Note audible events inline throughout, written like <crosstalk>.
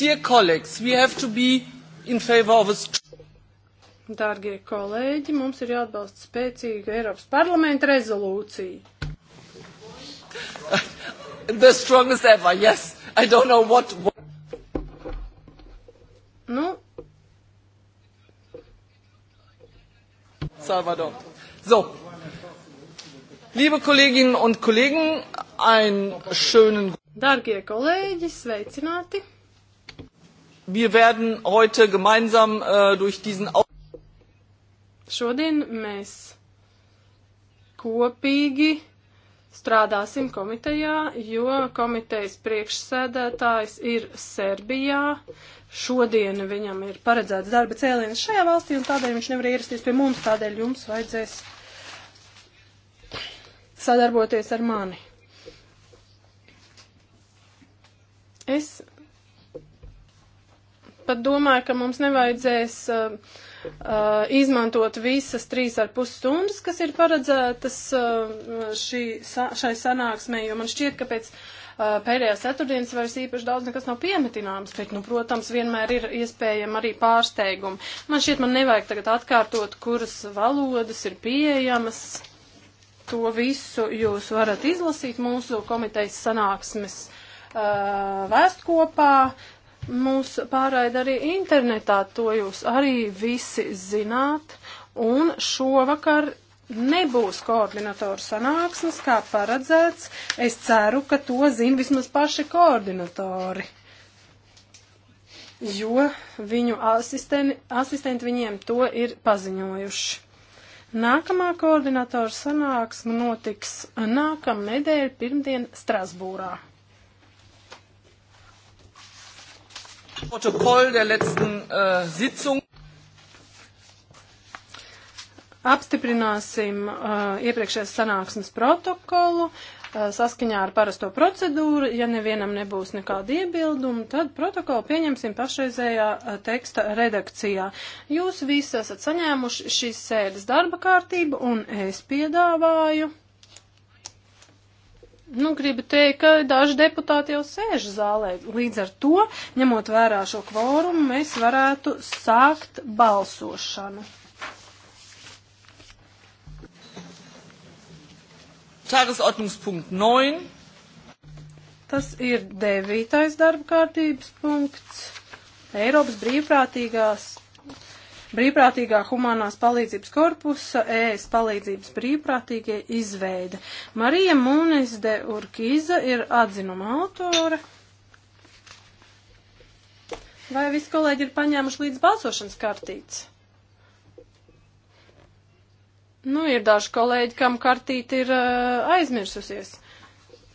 Dear colleagues, we have to be in favor of a Dārgie kolēģi, mums ir jāatbalsta spēcīga Eiropas parlamenta rezolūcija. <laughs> The strongest ever, yes. I don't know what. what... Nu. Salvador. So. Liebe Kolleginnen und Kollegen, einen schönen. Darbie kolēģi, sveicināti! Wir werden heute gemeinsam äh, durch diesen. Šodien mēs kopīgi strādāsim komitejā, jo komitejas priekšsēdētājs ir Serbijā. Šodien viņam ir paredzēts darba cēliens šajā valstī, un tādēļ viņš nevar ierasties pie mums, tādēļ jums vajadzēs sadarboties ar mani. Es pat domāju, ka mums nevajadzēs uh, uh, izmantot visas trīs ar pus stundas, kas ir paredzētas uh, šī, sa, šai sanāksmē, jo man šķiet, ka pēc uh, pēdējās ceturtdienas vairs īpaši daudz nekas nav piemetināms, bet, nu, protams, vienmēr ir iespējama arī pārsteigumi. Man šķiet, man nevajag tagad atkārtot, kuras valodas ir pieejamas. To visu jūs varat izlasīt mūsu komitejas sanāksmes uh, vēstkopā. Mūs pārraida arī internetā, to jūs arī visi zināt. Un šovakar nebūs koordinatoru sanāksmes, kā paredzēts. Es ceru, ka to zin vismaz paši koordinatori, jo viņu asistenti, asistenti viņiem to ir paziņojuši. Nākamā koordinatoru sanāksme notiks nākamnedēļ pirmdien Strasbūrā. Protokoll der letzten uh, Sitzung. Apstiprināsim uh, iepriekšējās sanāksmes protokolu uh, saskaņā ar parasto procedūru. Ja nevienam nebūs nekāda iebilduma, tad protokolu pieņemsim pašreizējā uh, teksta redakcijā. Jūs visi esat saņēmuši šīs sēdes darba kārtību un es piedāvāju Nu, gribu teikt, ka daži deputāti jau sēž zālē. Līdz ar to, ņemot vērā šo kvorumu, mēs varētu sākt balsošanu. Tagesordnungspunkt 9. Tas ir devītais darba kārtības punkts. Eiropas brīvprātīgās brīvprātīgā humanās palīdzības korpusa ES palīdzības brīvprātīgie izveida. Marija Mūnes de Urkiza ir atzinuma autore. Vai visi kolēģi ir paņēmuši līdz balsošanas kartītes? Nu, ir daži kolēģi, kam kartīte ir uh, aizmirsusies.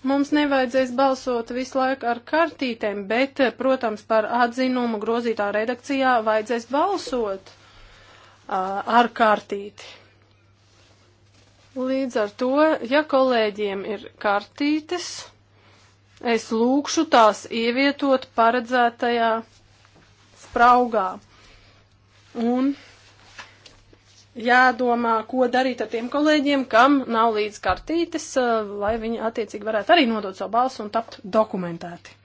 Mums nevajadzēs balsot visu laiku ar kartītēm, bet, protams, par atzinumu grozītā redakcijā vajadzēs balsot ārkārtīti. Līdz ar to, ja kolēģiem ir kartītes, es lūkšu tās ievietot paredzētajā spraugā. Un jādomā, ko darīt ar tiem kolēģiem, kam nav līdz kartītes, lai viņi attiecīgi varētu arī nodot savu balsu un tapt dokumentēti.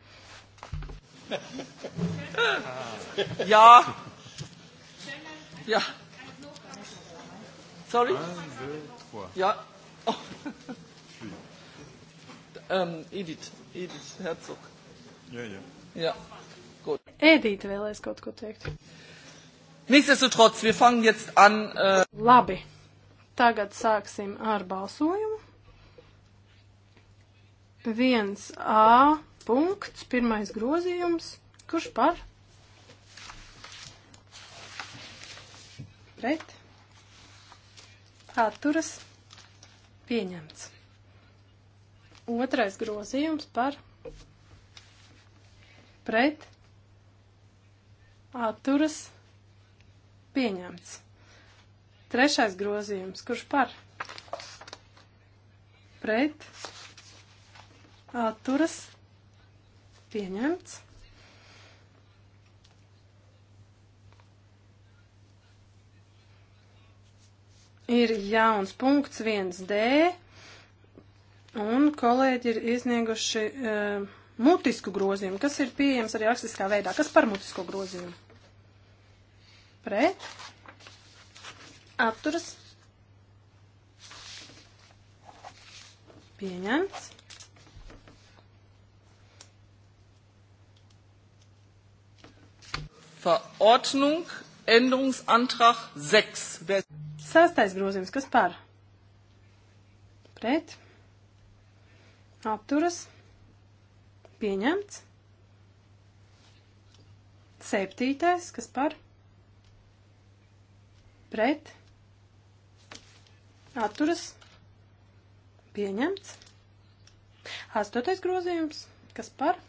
<laughs> Jā. Jā. Sorry? 1, 2, 3. Ja. Oh. <laughs> ähm, Edith. Edith Herzog. Ja, ja. Ja. Gut. Edith vēlēs kaut ko teikt. Nichtsdestotrotz, wir fangen jetzt an. Äh... Labi. Tagad sāksim ar balsojumu. 1A punkts, pirmais grozījums. Kurš par? Pret? atturas pieņemts. Otrais grozījums par pret atturas pieņemts. Trešais grozījums, kurš par pret atturas pieņemts. ir jauns punkts 1D, un kolēģi ir iznieguši e, mutisku grozījumu, kas ir pieejams arī rakstiskā veidā. Kas par mutisko grozījumu? Pret? Atturas? Pieņemts. Verordnung, Änderungsantrag 6. Wer Sastais grozījums, kas par? Pret. Apturas. Pieņemts. Septītais, kas par? Pret. Atturas. Pieņemts. Astotais grozījums, kas par?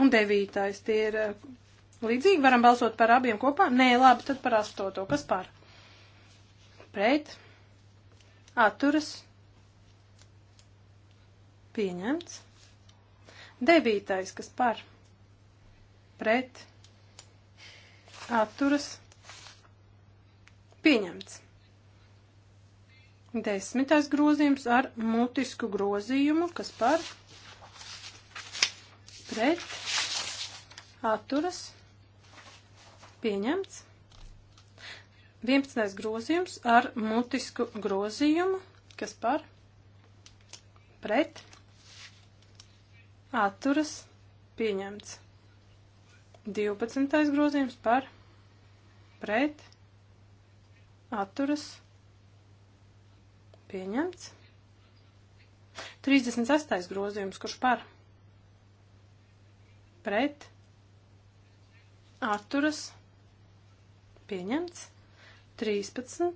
Un devītais, tie ir eh, līdzīgi, varam balsot par abiem kopā? Nē, labi, tad par astoto, kas par? pret, atturas, pieņemts. Devītais, kas par, pret, atturas, pieņemts. Desmitais grozījums ar mutisku grozījumu, kas par, pret, atturas, pieņemts. 11. grozījums ar mutisku grozījumu, kas par pret atturas pieņemts. 12. grozījums par pret atturas pieņemts. 36. grozījums, kurš par pret atturas pieņemts. 13.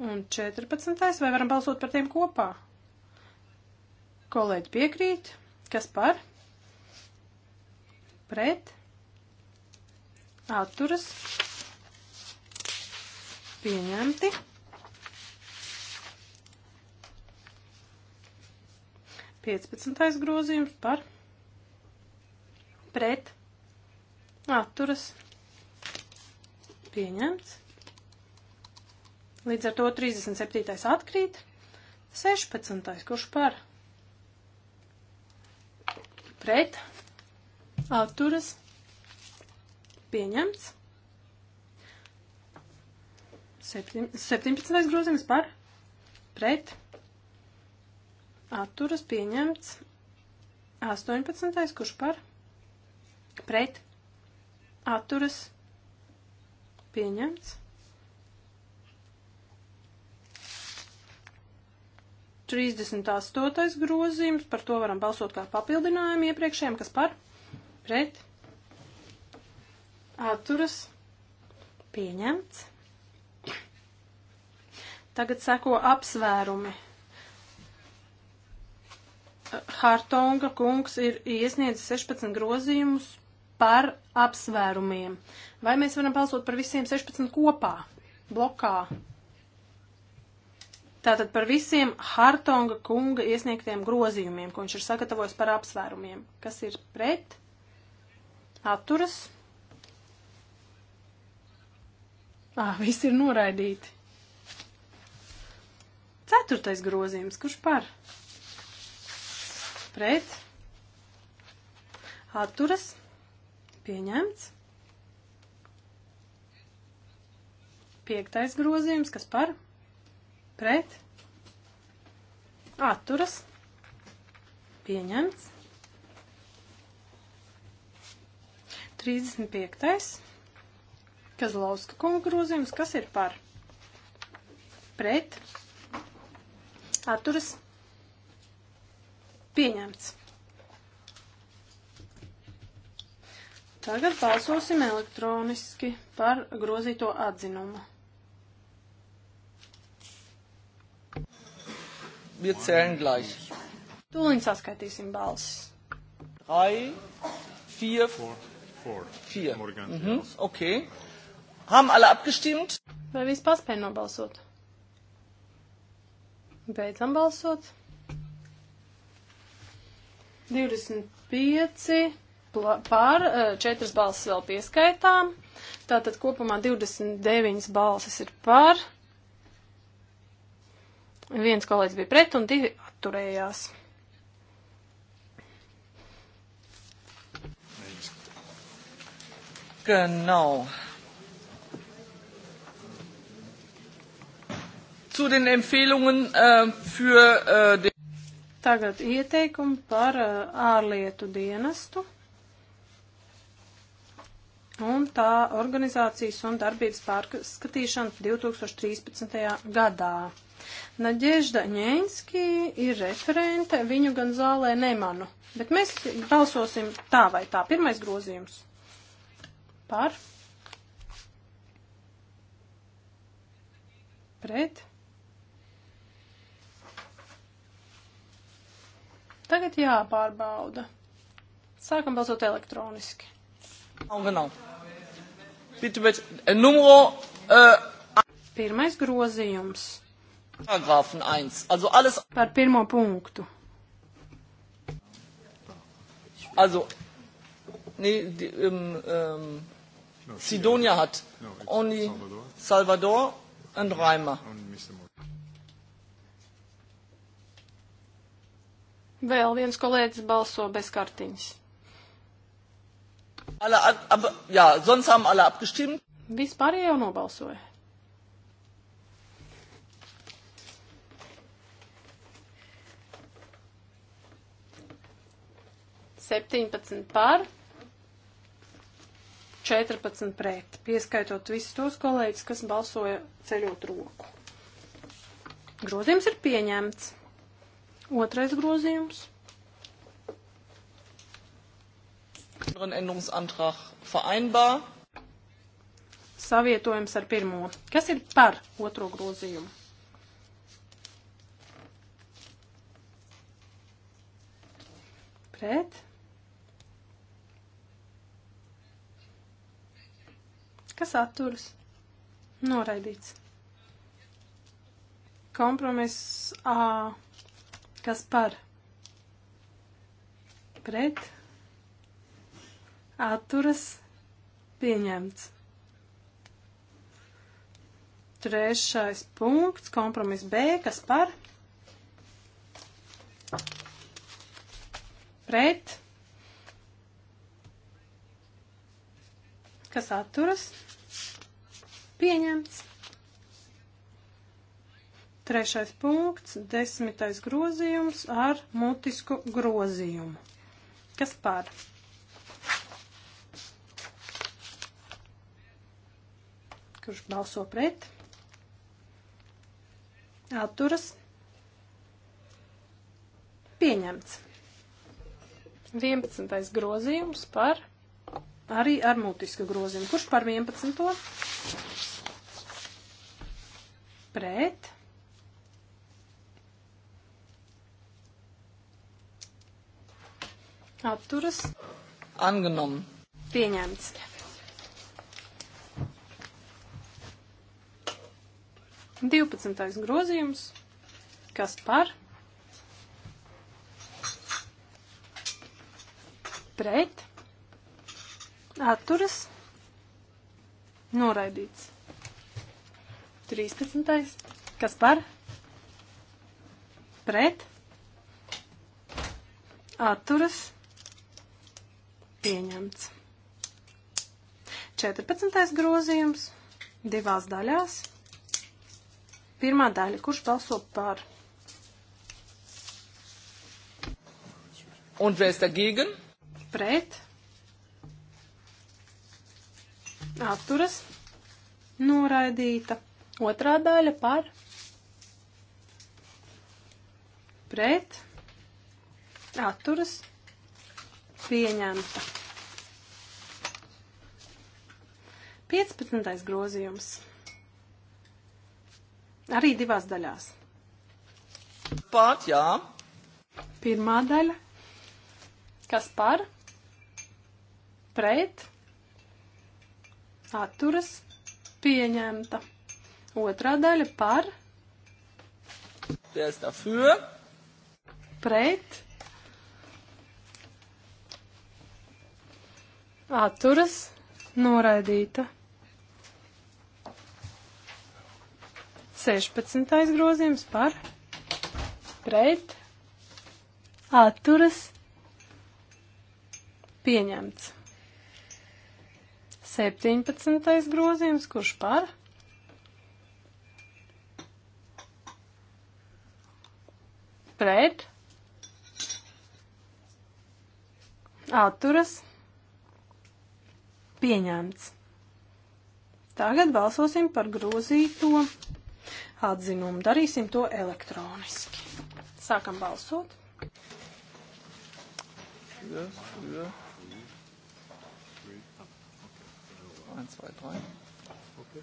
un 14. vai varam balsot par tiem kopā? Kolēģi piekrīt. Kas par? Pret. Atturas. Pieņemti. Piecpadsmitais grozījums par pret atturas pieņemti pieņemts. Līdz ar to 37. atkrīt. 16. kurš par? Pret. Atturas. Pieņemts. 17. grozījums par? Pret. Atturas pieņemts. 18. kurš par? Pret. Atturas pieņemts Pieņemts. 38. grozījums, par to varam balsot kā papildinājumu iepriekšējiem, kas par pret atturas pieņemts. Tagad seko apsvērumi. Hartonga kungs ir iesniedzis 16 grozījumus par apsvērumiem. Vai mēs varam balsot par visiem 16 kopā, blokā? Tātad par visiem Hartonga kunga iesniegtiem grozījumiem, ko viņš ir sagatavojis par apsvērumiem. Kas ir pret? Atturas? Ā, visi ir noraidīti. Ceturtais grozījums, kurš par? Pret? Atturas? pieņemts. Piektais grozījums, kas par, pret, atturas, pieņemts. 35. Kazlauska kunga grozījums, kas ir par pret atturas pieņemts. Tagad balsosim elektroniski par grozīto atzinumu. Wir zählen gleich. Tūlīt saskaitīsim balsis. 3, 4, 4. Mhm, okay. Haben alle abgestimmt? Vai viss paspēja nobalsot? Beidzam balsot. 25 pār, eh, četras balsis vēl pieskaitām. Tātad kopumā 29 balsis ir pār. Viens kolēģis bija pret un divi atturējās. Genau. Zu den Empfehlungen äh, für äh, den Tagad ieteikumi par uh, ārlietu dienestu un tā organizācijas un darbības pārskatīšana 2013. gadā. Nadežda Ņēnski ir referente, viņu gan zālē nemanu, bet mēs balsosim tā vai tā. Pirmais grozījums par pret. Tagad jāpārbauda. Sākam balsot elektroniski. Genau. Bitte mit numero. Uh, eh, Pirmais grozījums. Paragrāfen 1. Also alles. Par pirmo punktu. Also, nee, die, ähm, ähm, Sidonia hat no, only Salvador, Salvador and Reimer. Vēl viens kolēģis balso bez kartiņas. Alle, ab, jā, sonst haben alle abgestimmt. Vispārējie jau nobalsoja. Septiņpadsmit par, četrpadsmit pret, pieskaitot visus tos kolēģus, kas balsoja ceļot roku. Grozījums ir pieņemts. Otrais grozījums. Änderungsantrag vereinbar. Savietojums ar pirmo. Kas ir par otro grozījumu? Pret. Kas atturas? Noraidīts. Kompromiss A. Kas par? Pret atturas pieņemts. Trešais punkts, kompromis B, kas par pret, kas atturas, pieņemts. Trešais punkts, desmitais grozījums ar mutisku grozījumu. Kas par? kurš balso pret, atturas, pieņemts. 11. grozījums par, arī ar mutisku grozījumu. Kurš par 11. pret, atturas, angenommen. Pieņemts. 12. grozījums. Kas par? Pret. Atturas. Noraidīts. 13. Kas par? Pret. Atturas. Pieņemts. 14. grozījums divās daļās. Pirmā daļa. Kurš balso par? Un wer ist dagegen? Pret. Atturas. Noraidīta. Otrā daļa par. Pret. Atturas. Pieņemta. 15. grozījums. Arī divās daļās. Pārt, jā. Pirmā daļa. Kas par? Pret. Atturas. Pieņemta. Otrā daļa par. Der ist dafür. Pret. Atturas. Noraidīta. 16. grozījums par pret atturas pieņemts. 17. grozījums, kurš par? Pret. Atturas. Pieņemts. Tagad balsosim par grozīto atzinumu. Darīsim to elektroniski. Sākam balsot. Yes, yeah. Eins, zwei, drei. Okay.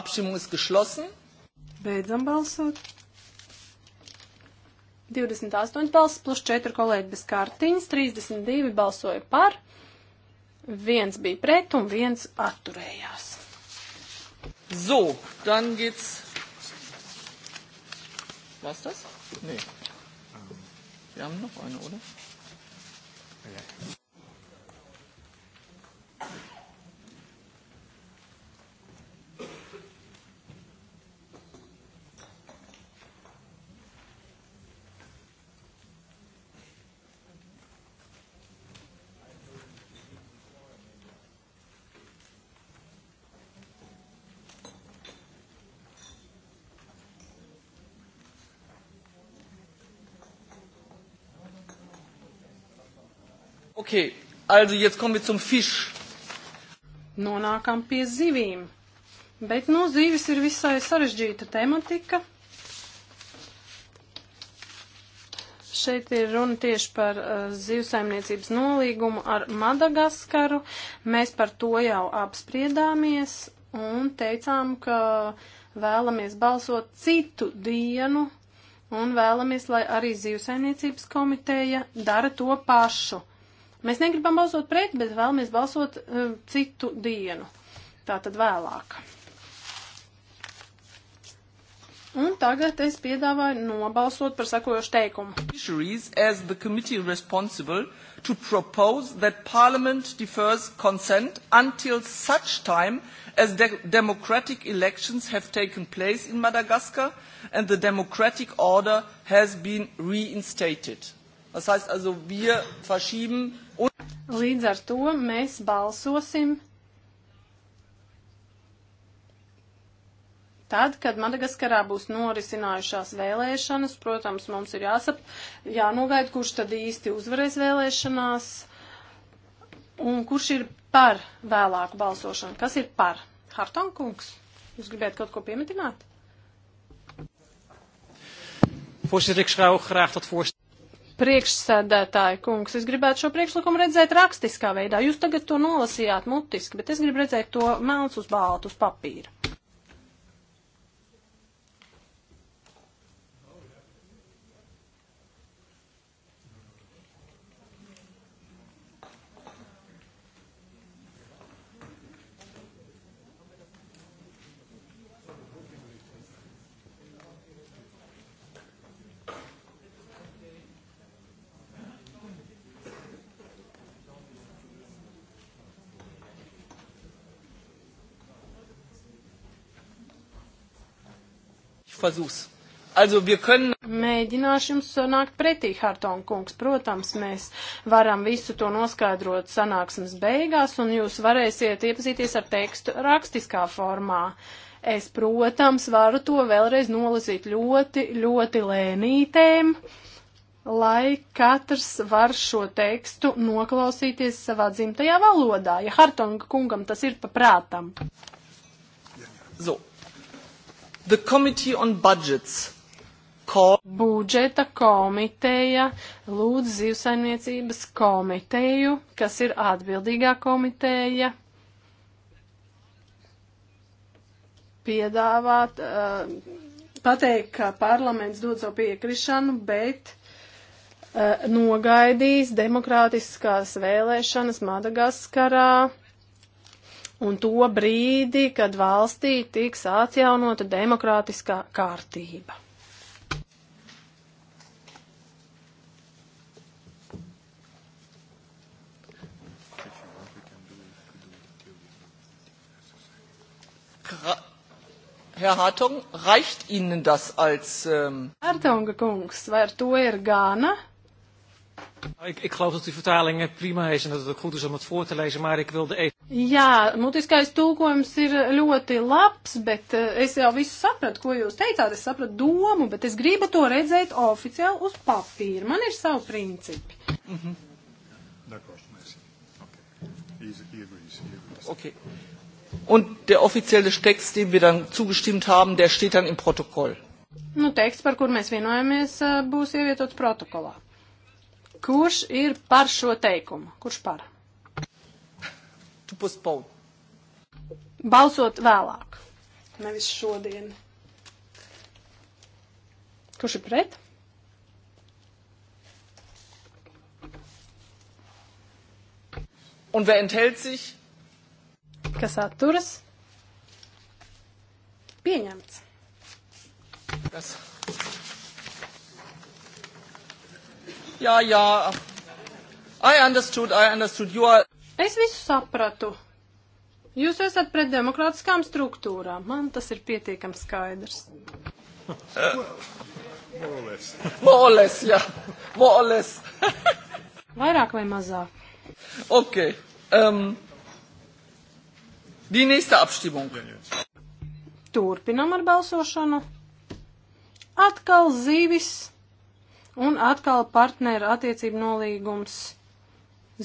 Abstimmung ist geschlossen. Beidzam balsot. 28 balss plus 4 kolēģi bez kārtiņas, 32 balsoja par, viens bija pret un viens atturējās. So, dann geht's. War's das? Nee. Ähm. Wir haben noch eine, oder? Okay, also jetzt kommen wir zum Fisch. Nonākam pie zivīm. Bet, nu, zīves ir visai sarežģīta tematika. šeit ir runa tieši par uh, zivsaimniecības nolīgumu ar Madagaskaru. Mēs par to jau apspriedāmies un teicām, ka vēlamies balsot citu dienu un vēlamies, lai arī zivsaimniecības komiteja dara to pašu. Mēs negribam balsot pret, bet vēlamies balsot uh, citu dienu. Tā tad vēlāk. Un tagad es piedāvāju nobalsot par sakojošu teikumu. Fisheries as the committee responsible to propose that parliament defers consent until such time as de democratic elections have taken place in Madagascar and the democratic order has been reinstated. Das heißt also, wir verschieben. Līdz ar to mēs balsosim Tad, kad Madagaskarā būs norisinājušās vēlēšanas, protams, mums ir jāsap, jānogaida, kurš tad īsti uzvarēs vēlēšanās un kurš ir par vēlāku balsošanu. Kas ir par? Hartonkungs, jūs gribētu kaut ko piemetināt? Voorzitter, ik zou graag dat voorstel. Priekšsēdētāji kungs, es gribētu šo priekšlikumu redzēt rakstiskā veidā. Jūs tagad to nolasījāt mutiski, bet es gribu redzēt to melns uz baltu uz papīra. Fluchtversuchs. Also wir können... Mēģināšu jums nākt pretī, Hartong kungs. Protams, mēs varam visu to noskaidrot sanāksmes beigās, un jūs varēsiet iepazīties ar tekstu rakstiskā formā. Es, protams, varu to vēlreiz nolasīt ļoti, ļoti lēnītēm, lai katrs var šo tekstu noklausīties savā dzimtajā valodā, ja Hartonga kungam tas ir paprātam. So, The Committee on Budgets ko budžeta komiteja lūdz zivsaimniecības komiteju, kas ir atbildīgā komiteja, piedāvāt, uh, pateikt, ka parlaments dod savu piekrišanu, bet uh, nogaidīs demokrātiskās vēlēšanas Madagaskarā un to brīdi, kad valstī tiks atjaunota demokrātiskā kārtība. Herr Hartung, reicht Ihnen das als... Ähm Hartunga kungs, vai ar to ir gana? Ik, ik geloof dat die vertaling eh, prima is en dat het ook goed is om het voor te lezen, maar ik wilde even... Jā, mutiskais tūkojums ir ļoti labs, bet eh, es jau visu sapratu, ko jūs teicāt, es sapratu domu, bet es gribu to redzēt oficiāli uz papīra. Man ir savu principi. Mm -hmm. D'accord, merci. Okay. Easy, he agrees, he agrees. Okay. Und der offizielle Text, dem wir dann zugestimmt haben, der steht dann im Protokoll. Nu, teksts, par kur mēs vienojamies, eh, būs ievietots protokolā. Kurš ir par šo teikumu? Kurš par? Tu postpone. Balsot vēlāk. Nevis šodien. Kurš ir pret? Un wer enthält sich? Kas atturas? Pieņemts. Kas? Jā, jā. I understood, I understood. You are... Es visu sapratu. Jūs esat pret demokrātiskām struktūrām. Man tas ir pietiekami skaidrs. Moles. Moles, jā. Moles. Vairāk vai mazāk? Ok. Um, die nächste Abstimmung. Turpinam ar balsošanu. Atkal zīvis Un atkal partneru attiecību nolīgums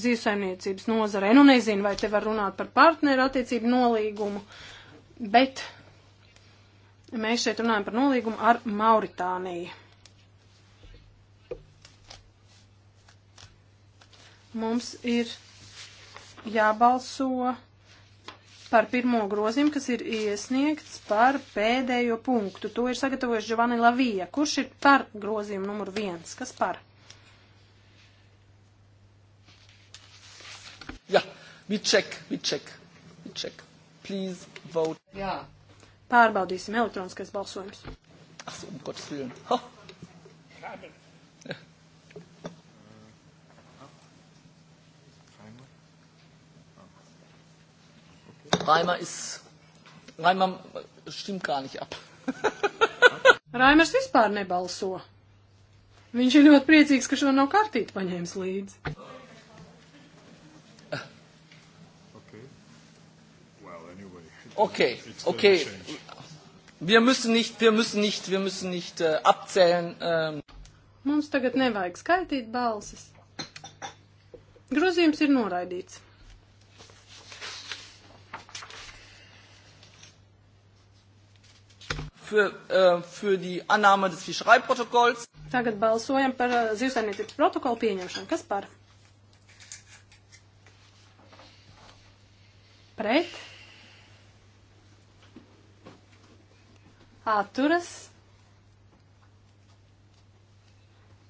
zīvesaimniecības nozarē. Nu, nezinu, vai te var runāt par partneru attiecību nolīgumu, bet mēs šeit runājam par nolīgumu ar Mauritāniju. Mums ir jābalso par pirmo grozījumu, kas ir iesniegts par pēdējo punktu. To ir sagatavojis Giovanni Lavija. Kurš ir par grozījumu numur viens? Kas par? Jā, yeah. we check, we check, we check. Please vote. Jā. Yeah. Pārbaudīsim elektroniskais balsojums. Ach, so, um Gottes Willen. Ha. Raimer ist. Raimer stimmt gar nicht ab. <laughs> Raimers vispār nebalso. Viņš ir ļoti priecīgs, ka šo nav kartīti paņēmis līdzi. Okay. Well, anyway, okay, okay. Wir müssen nicht, wir müssen nicht, wir müssen nicht uh, abzählen. Um. Mums tagad nevajag skaitīt balsis. Grozījums ir noraidīts. für, äh, für die Annahme des Fischereiprotokolls. Tagad balsojam par uh, zivsaimniecības protokolu pieņemšanu. Kas par? Pret? Atturas?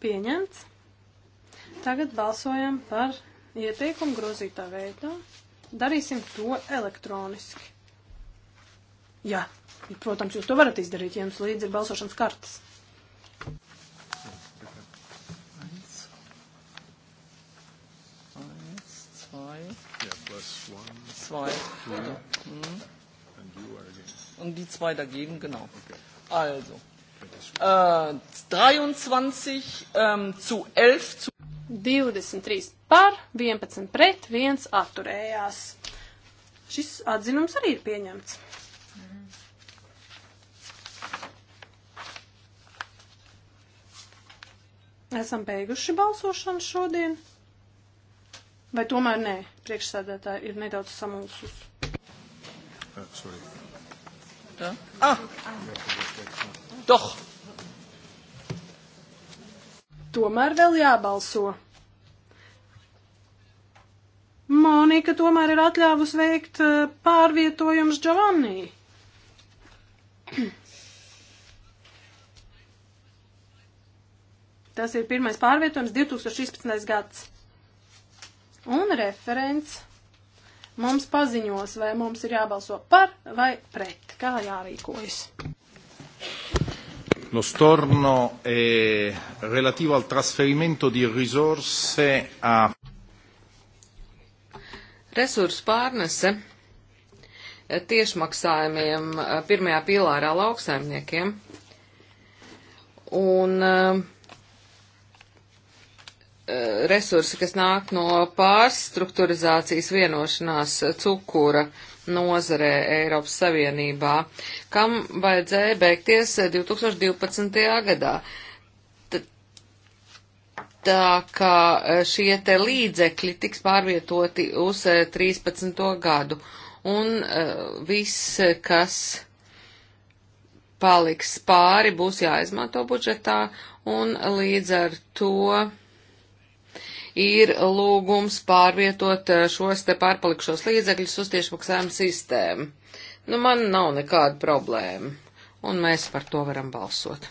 Pieņemts. Tagad balsojam par ieteikumu grozītā veidā. Darīsim to elektroniski. Jā. Ja. Protams, jūs to varat izdarīt, ja jums līdzi ir balsošanas kartes. Zwei. Ja. Mhm. Und die zwei dagegen, genau. Okay. Also. Äh, 23 ähm, zu 11 zu 23 par, 11 pret, 1 atturējās. Šis atzinums arī ir pieņemts. Esam beiguši balsošanu šodien. Vai tomēr nē, priekšsēdētāji ir nedaudz samulsus. Uh, ah, ah. Doch! Tomēr vēl jābalso. Monika tomēr ir atļāvus veikt uh, pārvietojums Giovanni. Tas ir pirmais pārvietojums 2016. gads. Un referents mums paziņos, vai mums ir jābalso par vai pret, kā jārīkojas. Lo storno è relativo al trasferimento di risorse a. Resursu pārnese tiešmaksājumiem eh, pirmajā pīlārā lauksaimniekiem. Un uh, Eh, resursi, kas nāk no pārstruktūrizācijas vienošanās cukura nozarē Eiropas Savienībā, kam vajadzēja beigties 2012. gadā. T tā kā eh, šie te līdzekļi tiks pārvietoti uz 13. Eh, gadu. Un uh, viss, kas paliks pāri, būs jāizmanto budžetā, un līdz ar to ir lūgums pārvietot eh, šos te pārpalikšos līdzekļus uz tiešmaksājumu sistēmu. Nu, man nav nekāda problēma, un mēs par to varam balsot.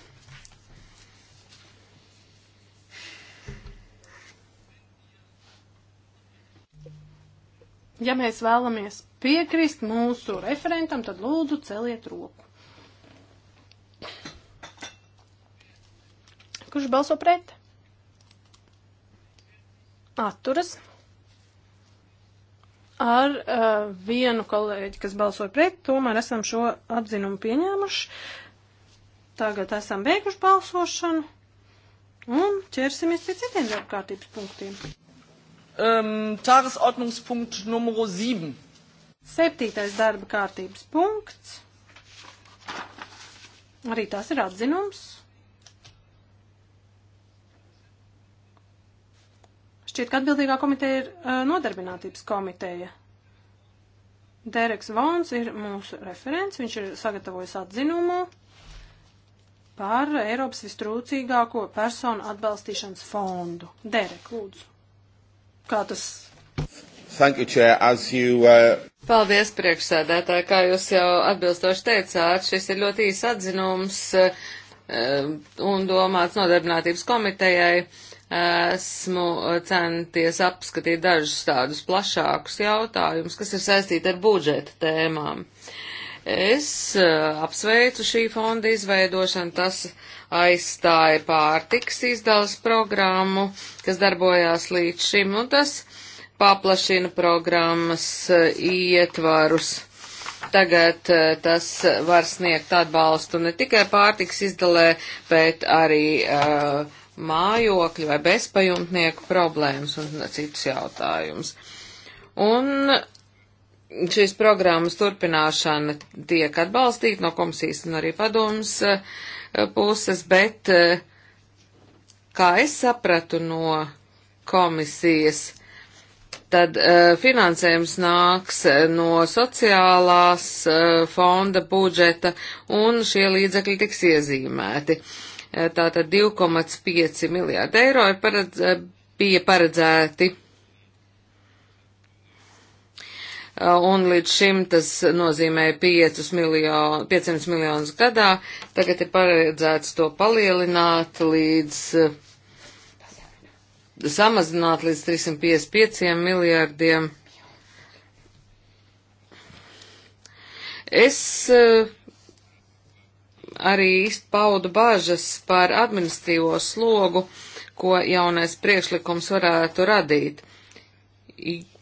Ja mēs vēlamies piekrist mūsu referentam, tad lūdzu celiet roku. Kurš balso pret? atturas. Ar uh, vienu kolēģi, kas balsoja pret, tomēr esam šo atzinumu pieņēmuši. Tagad esam beiguši balsošanu un ķersimies pie citiem darbkārtības punktiem. Um, Tagesordnungspunkt numuro 7. Septītais darba kārtības punkts. Arī tas ir atzinums. Šķiet, ka atbildīgā komiteja ir uh, nodarbinātības komiteja. Dereks Vons ir mūsu referents, viņš ir sagatavojis atzinumu par Eiropas vistrūcīgāko personu atbalstīšanas fondu. Derek, lūdzu. Kā tas Thank you, Chair. As you, uh... Paldies, priekšsēdētāji. Kā jūs jau atbilstoši teicāt, šis ir ļoti īs atzinums uh, un domāts nodarbinātības komitejai esmu centies apskatīt dažus tādus plašākus jautājumus, kas ir saistīti ar budžeta tēmām. Es eh, apsveicu šī fonda izveidošanu, tas aizstāja pārtiks izdevas programmu, kas darbojās līdz šim, un tas paplašina programmas eh, ietvarus. Tagad eh, tas var sniegt atbalstu ne tikai pārtiks izdalē, bet arī uh, mājokļu vai bezpajumtnieku problēmas un citus jautājumus. Un šīs programmas turpināšana tiek atbalstīta no komisijas un arī padomas eh, puses, bet, eh, kā es sapratu no komisijas, tad uh, finansējums nāks no sociālās uh, fonda budžeta un šie līdzekļi tiks iezīmēti. Uh, tātad 2,5 miljārdi eiro paredz, eh, bija paredzēti. Eh, un līdz šim tas nozīmēja 5 miljonu, 500 miljonus gadā, tagad ir paredzēts to palielināt līdz, eh, samazināt līdz 355 miljārdiem. Es uh, arī paudu bažas par administrīvo slogu, ko jaunais priekšlikums varētu radīt.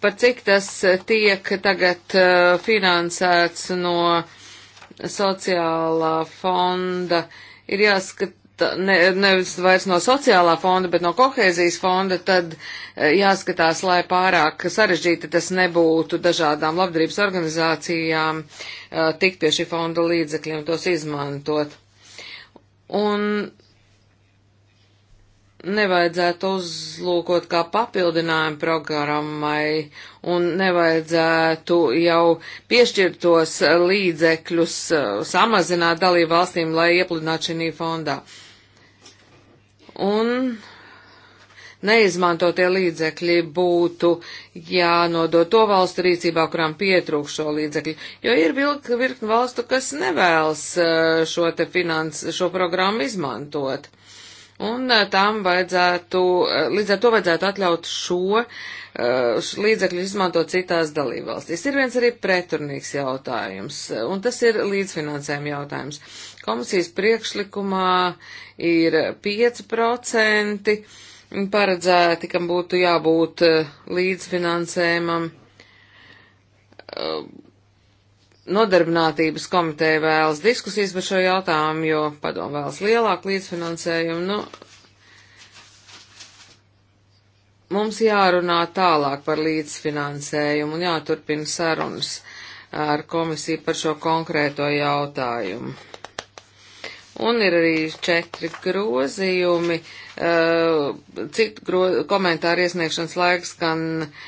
Par cik tas tiek tagad eh, finansēts no sociālā fonda, ir jāskat, ne, nevis vairs no sociālā fonda, bet no kohēzijas fonda, tad e, jāskatās, lai pārāk sarežģīti tas nebūtu dažādām labdarības organizācijām e, tikt pie šī fonda līdzekļiem, tos izmantot. Un nevajadzētu uzlūkot kā papildinājumu programmai un nevajadzētu jau piešķirtos līdzekļus e, samazināt dalību valstīm, lai iepludinātu šī fondā. Uh, un neizmantotie līdzekļi būtu jānodot to valstu rīcībā, kurām pietrūk šo līdzekļu, jo ir virkni valstu, kas nevēlas eh, šo te finans, šo programmu izmantot. Un eh, tām vajadzētu, eh, līdz ar to vajadzētu atļaut šo eh, līdzekļu izmantot citās dalībvalstīs. Ir viens arī pretrunīgs jautājums, un tas ir līdzfinansējuma jautājums. Komisijas priekšlikumā ir 5% paredzēti, kam būtu jābūt līdzfinansējumam Nodarbinātības komiteja vēlas diskusijas par šo jautājumu, jo padomu vēlas lielāku līdzfinansējumu. Nu, mums jārunā tālāk par līdzfinansējumu un jāturpina sarunas ar komisiju par šo konkrēto jautājumu. Un ir arī četri grozījumi, eh, citu gro komentāru iesniegšanas laiks gan. Uh,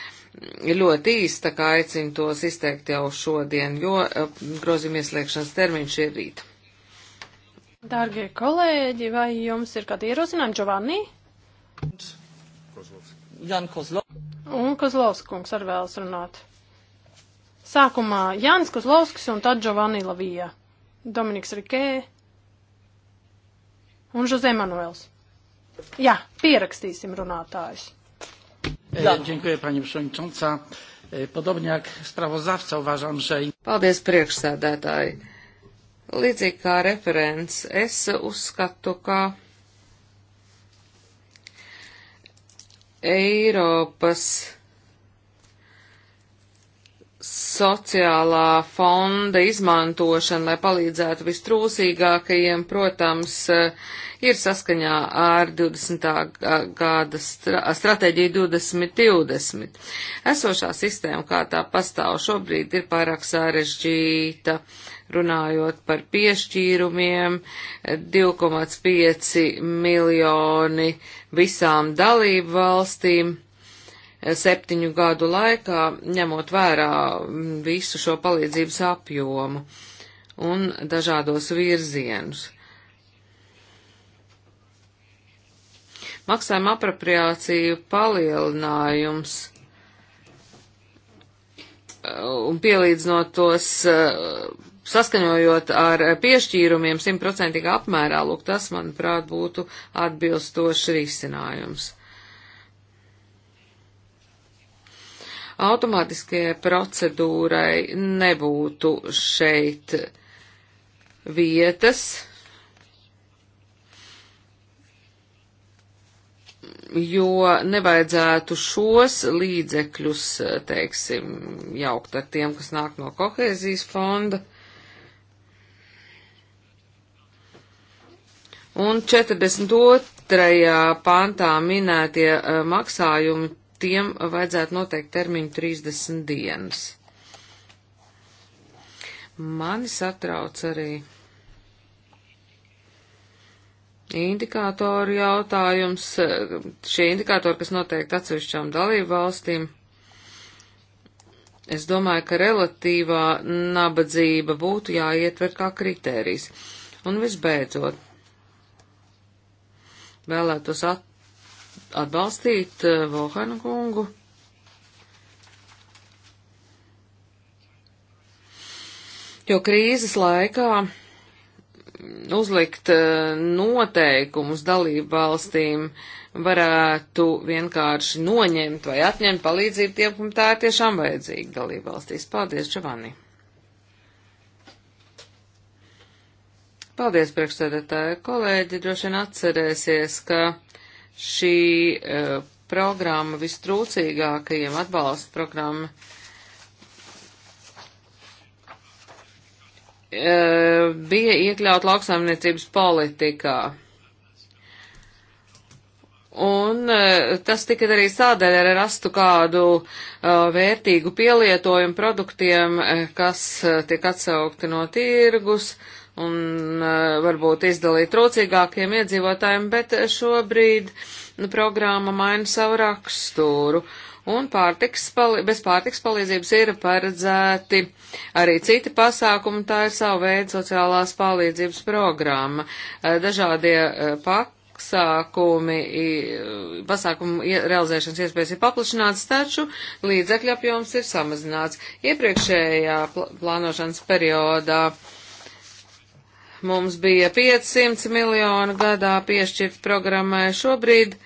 ļoti īsti, tā kā aicinu tos izteikt jau šodien, jo eh, grozījuma ieslēgšanas termiņš ir rīt. Dārgie kolēģi, vai jums ir kādi ierosinājumi, Giovanni? Jan Kozlovs. Un Kozlovs kungs ar vēlas runāt. Sākumā Jānis Kozlovskis un tad Giovanni Lavija, Dominiks Rikē un Žozē Manuels. Jā, pierakstīsim runātājus. Jā, e, dziękuję, pani Šoņčonca. E, podobnie jak sprawozdawca uważam, że... Paldies, priekšsēdētāji. Līdzīgi kā referents, es uzskatu, ka Eiropas sociālā fonda izmantošana, lai palīdzētu vistrūsīgākajiem, protams, uh, ir saskaņā ar 20. gada stratēģiju 2020. Esošā sistēma, kā tā pastāv šobrīd, ir pārāk sarežģīta runājot par piešķīrumiem, 2,5 miljoni visām dalību valstīm e, septiņu gadu laikā, ņemot vērā visu šo palīdzības apjomu un dažādos virzienus. Maksājuma apropriāciju palielinājums uh, un pielīdzinot tos, uh, saskaņojot ar piešķīrumiem simtprocentīgā apmērā, lūk, tas, manuprāt, būtu atbilstošs risinājums. Automātiskajai procedūrai nebūtu šeit vietas jo nevajadzētu šos līdzekļus, eh, teiksim, jaukt ar tiem, kas nāk no kohēzijas fonda. Un 42. pantā minētie eh, maksājumi, tiem vajadzētu noteikt termiņu 30 dienas. Mani satrauc arī Indikātoru jautājums, eh, šie indikātori, kas noteikti atsevišķām dalību valstīm, es domāju, ka relatīvā nabadzība būtu jāietver kā kritērijs. Un visbeidzot, vēlētos at atbalstīt eh, Vohanu kungu. Jo krīzes laikā uzlikt eh, noteikumus dalību valstīm varētu vienkārši noņemt vai atņemt palīdzību tiem, kam tā ir tiešām vajadzīga dalību valstīs. Paldies, Čavani! Paldies, priekšsēdētāji! Kolēģi droši vien atcerēsies, ka šī uh, programma vistrūcīgākajiem atbalsta programma uh, Eh, bija iekļaut lauksaimniecības politikā. Un eh, tas tika arī sādēļ ar rastu kādu uh, vērtīgu pielietojumu produktiem, kas tiek atsaukti no tirgus un uh, varbūt izdalīt trūcīgākiem iedzīvotājiem, bet šobrīd programma maina savu raksturu. Uh, un pārtiks, bez pārtiks palīdzības ir paredzēti arī citi pasākumi, tā ir savu veidu sociālās palīdzības programma. Eh, dažādie eh, pasākumi, eh, pasākumu realizēšanas iespējas ir paplašināts, taču līdzekļu apjoms ir samazināts. Iepriekšējā plānošanas periodā mums bija 500 miljonu gadā piešķirt programmai šobrīd.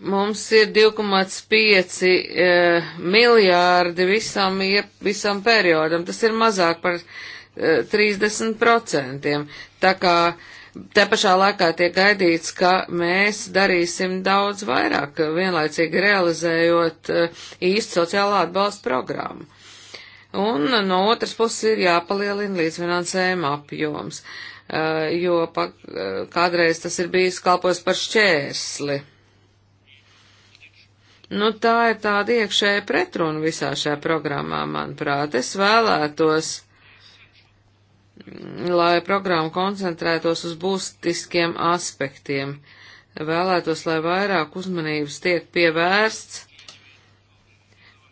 Mums ir 2,5 e, eh, miljārdi visam, visam periodam. Tas ir mazāk par e, eh, 30%. Tā kā te pašā laikā tiek gaidīts, ka mēs darīsim daudz vairāk, vienlaicīgi realizējot e, īstu sociālā atbalsta programmu. Un no otras puses ir jāpalielina līdzfinansējuma apjoms, e, jo pa, e, kādreiz tas ir bijis kalpos par šķērsli. Nu, tā ir tāda iekšēja pretruna visā šajā programmā, manuprāt. Es vēlētos, mm, lai programma koncentrētos uz būtiskiem aspektiem. Vēlētos, lai vairāk uzmanības tiek pievērsts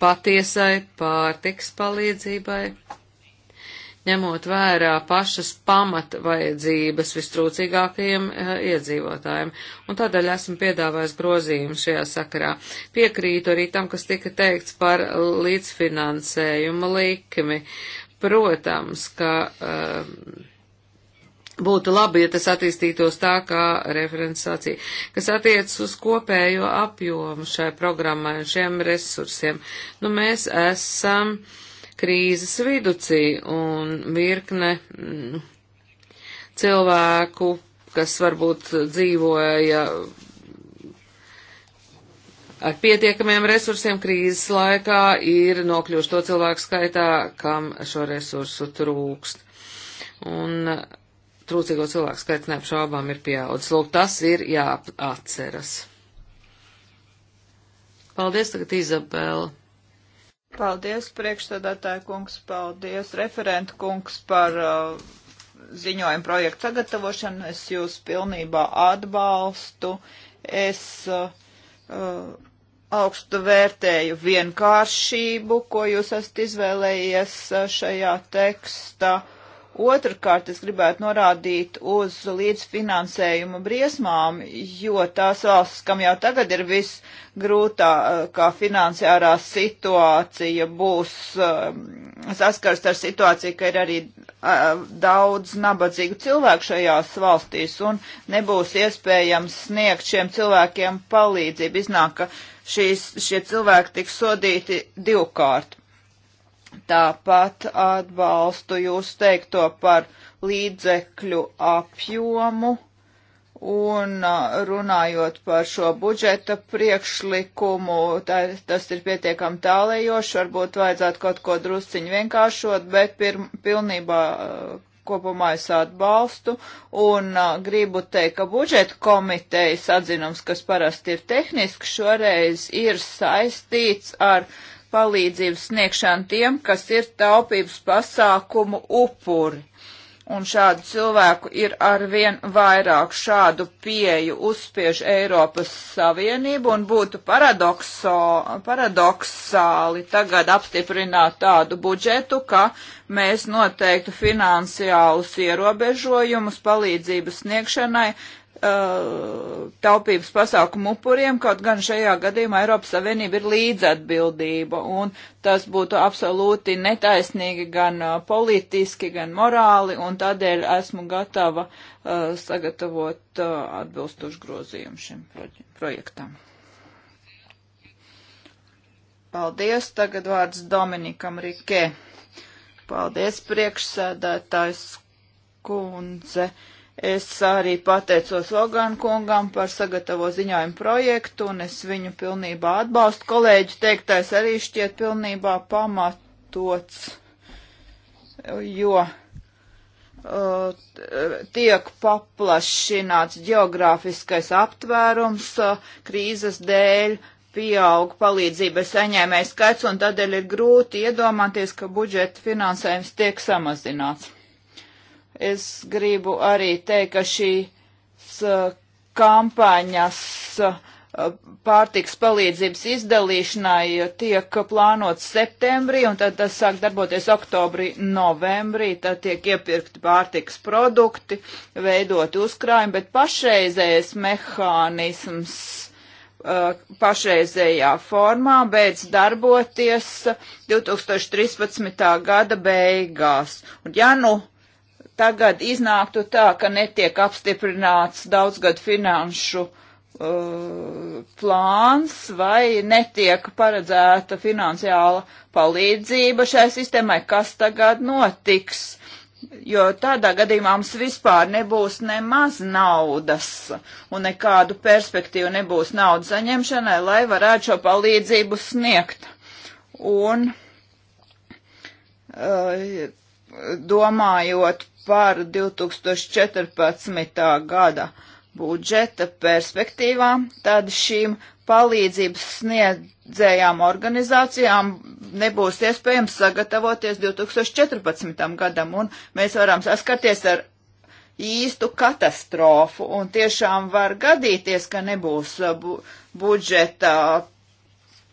patiesai pārtiks palīdzībai ņemot vērā pašas pamata vajadzības vistrūcīgākajiem e, iedzīvotājiem, un tādēļ esmu piedāvājis grozījumu šajā sakarā. Piekrītu arī tam, kas tika teikts par līdzfinansējuma likmi. Protams, ka uh, e, Būtu labi, ja tas attīstītos tā, kā referents sacīja, kas attiecas uz kopējo apjomu šai programmai un šiem resursiem. Nu, mēs esam uh, krīzes viducī un virkne mm, cilvēku, kas varbūt dzīvoja ar pietiekamiem resursiem krīzes laikā, ir nokļuvuši to cilvēku skaitā, kam šo resursu trūkst. Un eh, trūcīgo cilvēku skaits neapšaubām ir pieaudzis. Lūk, tas ir jāatceras. Paldies tagad, Izabela. Paldies, priekšstādātāja kungs, paldies, referenta kungs par uh, ziņojumu projektu sagatavošanu. Es jūs pilnībā atbalstu. Es uh, uh, augstu vērtēju vienkāršību, ko jūs esat izvēlējies uh, šajā teksta Otrakārt, es gribētu norādīt uz līdzfinansējuma briesmām, jo tās valsts, kam jau tagad ir visgrūtākā finansiārā situācija, būs um, saskars ar situāciju, ka ir arī daudz nabadzīgu cilvēku šajās valstīs un nebūs iespējams sniegt šiem cilvēkiem palīdzību. Iznāk, ka šīs, šie cilvēki tiks sodīti divkārt. Tāpat atbalstu jūs teikto par līdzekļu apjomu un runājot par šo budžeta priekšlikumu, tā, tas ir pietiekami tālējoši, varbūt vajadzētu kaut ko drusciņu vienkāršot, bet pirm, pilnībā kopumā es atbalstu un uh, gribu teikt, ka budžeta komitejas atzinums, kas parasti ir tehnisks, šoreiz ir saistīts ar uh, palīdzības sniegšanu tiem, kas ir taupības pasākumu upuri. Un šādu cilvēku ir arvien vairāk šādu pieju uzspiež Eiropas Savienību un būtu paradokso, paradoksāli tagad apstiprināt tādu budžetu, ka mēs noteiktu finansiālus ierobežojumus palīdzības sniegšanai uh, taupības pasākumu upuriem, kaut gan šajā gadījumā Eiropas Savienība ir līdzatbildība, un tas būtu absolūti netaisnīgi gan uh, politiski, gan morāli, un tādēļ esmu gatava uh, sagatavot uh, atbilstošu grozījumu šim projektam. Paldies, tagad vārds Dominikam Rikē. Paldies, priekšsēdētājs kundze. Uh, Es arī pateicos Logan kungam par sagatavo ziņojumu projektu, un es viņu pilnībā atbalstu. Kolēģi teiktais arī šķiet pilnībā pamatots, jo uh, tiek paplašināts geogrāfiskais aptvērums uh, krīzes dēļ, pieaug palīdzības saņēmēja skaits, un tādēļ ir grūti iedomāties, ka budžeta finansējums tiek samazināts. Es gribu arī teikt, ka šīs uh, kampaņas uh, pārtiks palīdzības izdalīšanai tiek plānots septembrī, un tad tas sāk darboties oktobrī, novembrī, tad tiek iepirkti pārtiks produkti, veidot uzkrājumi, bet pašreizējais mehānisms uh, pašreizējā formā beidz darboties 2013. Uh, gada beigās. Un ja nu tagad iznāktu tā, ka netiek apstiprināts daudzgad finanšu uh, plāns vai netiek paredzēta finansiāla palīdzība šai sistēmai, kas tagad notiks, jo tādā gadījumā mums vispār nebūs nemaz naudas un nekādu perspektīvu nebūs naudas saņemšanai, lai varētu šo palīdzību sniegt. Un, uh, domājot par 2014. gada budžeta perspektīvām, tad šīm palīdzības sniedzējām organizācijām nebūs iespējams sagatavoties 2014. gadam, un mēs varam saskarties ar īstu katastrofu, un tiešām var gadīties, ka nebūs bu budžeta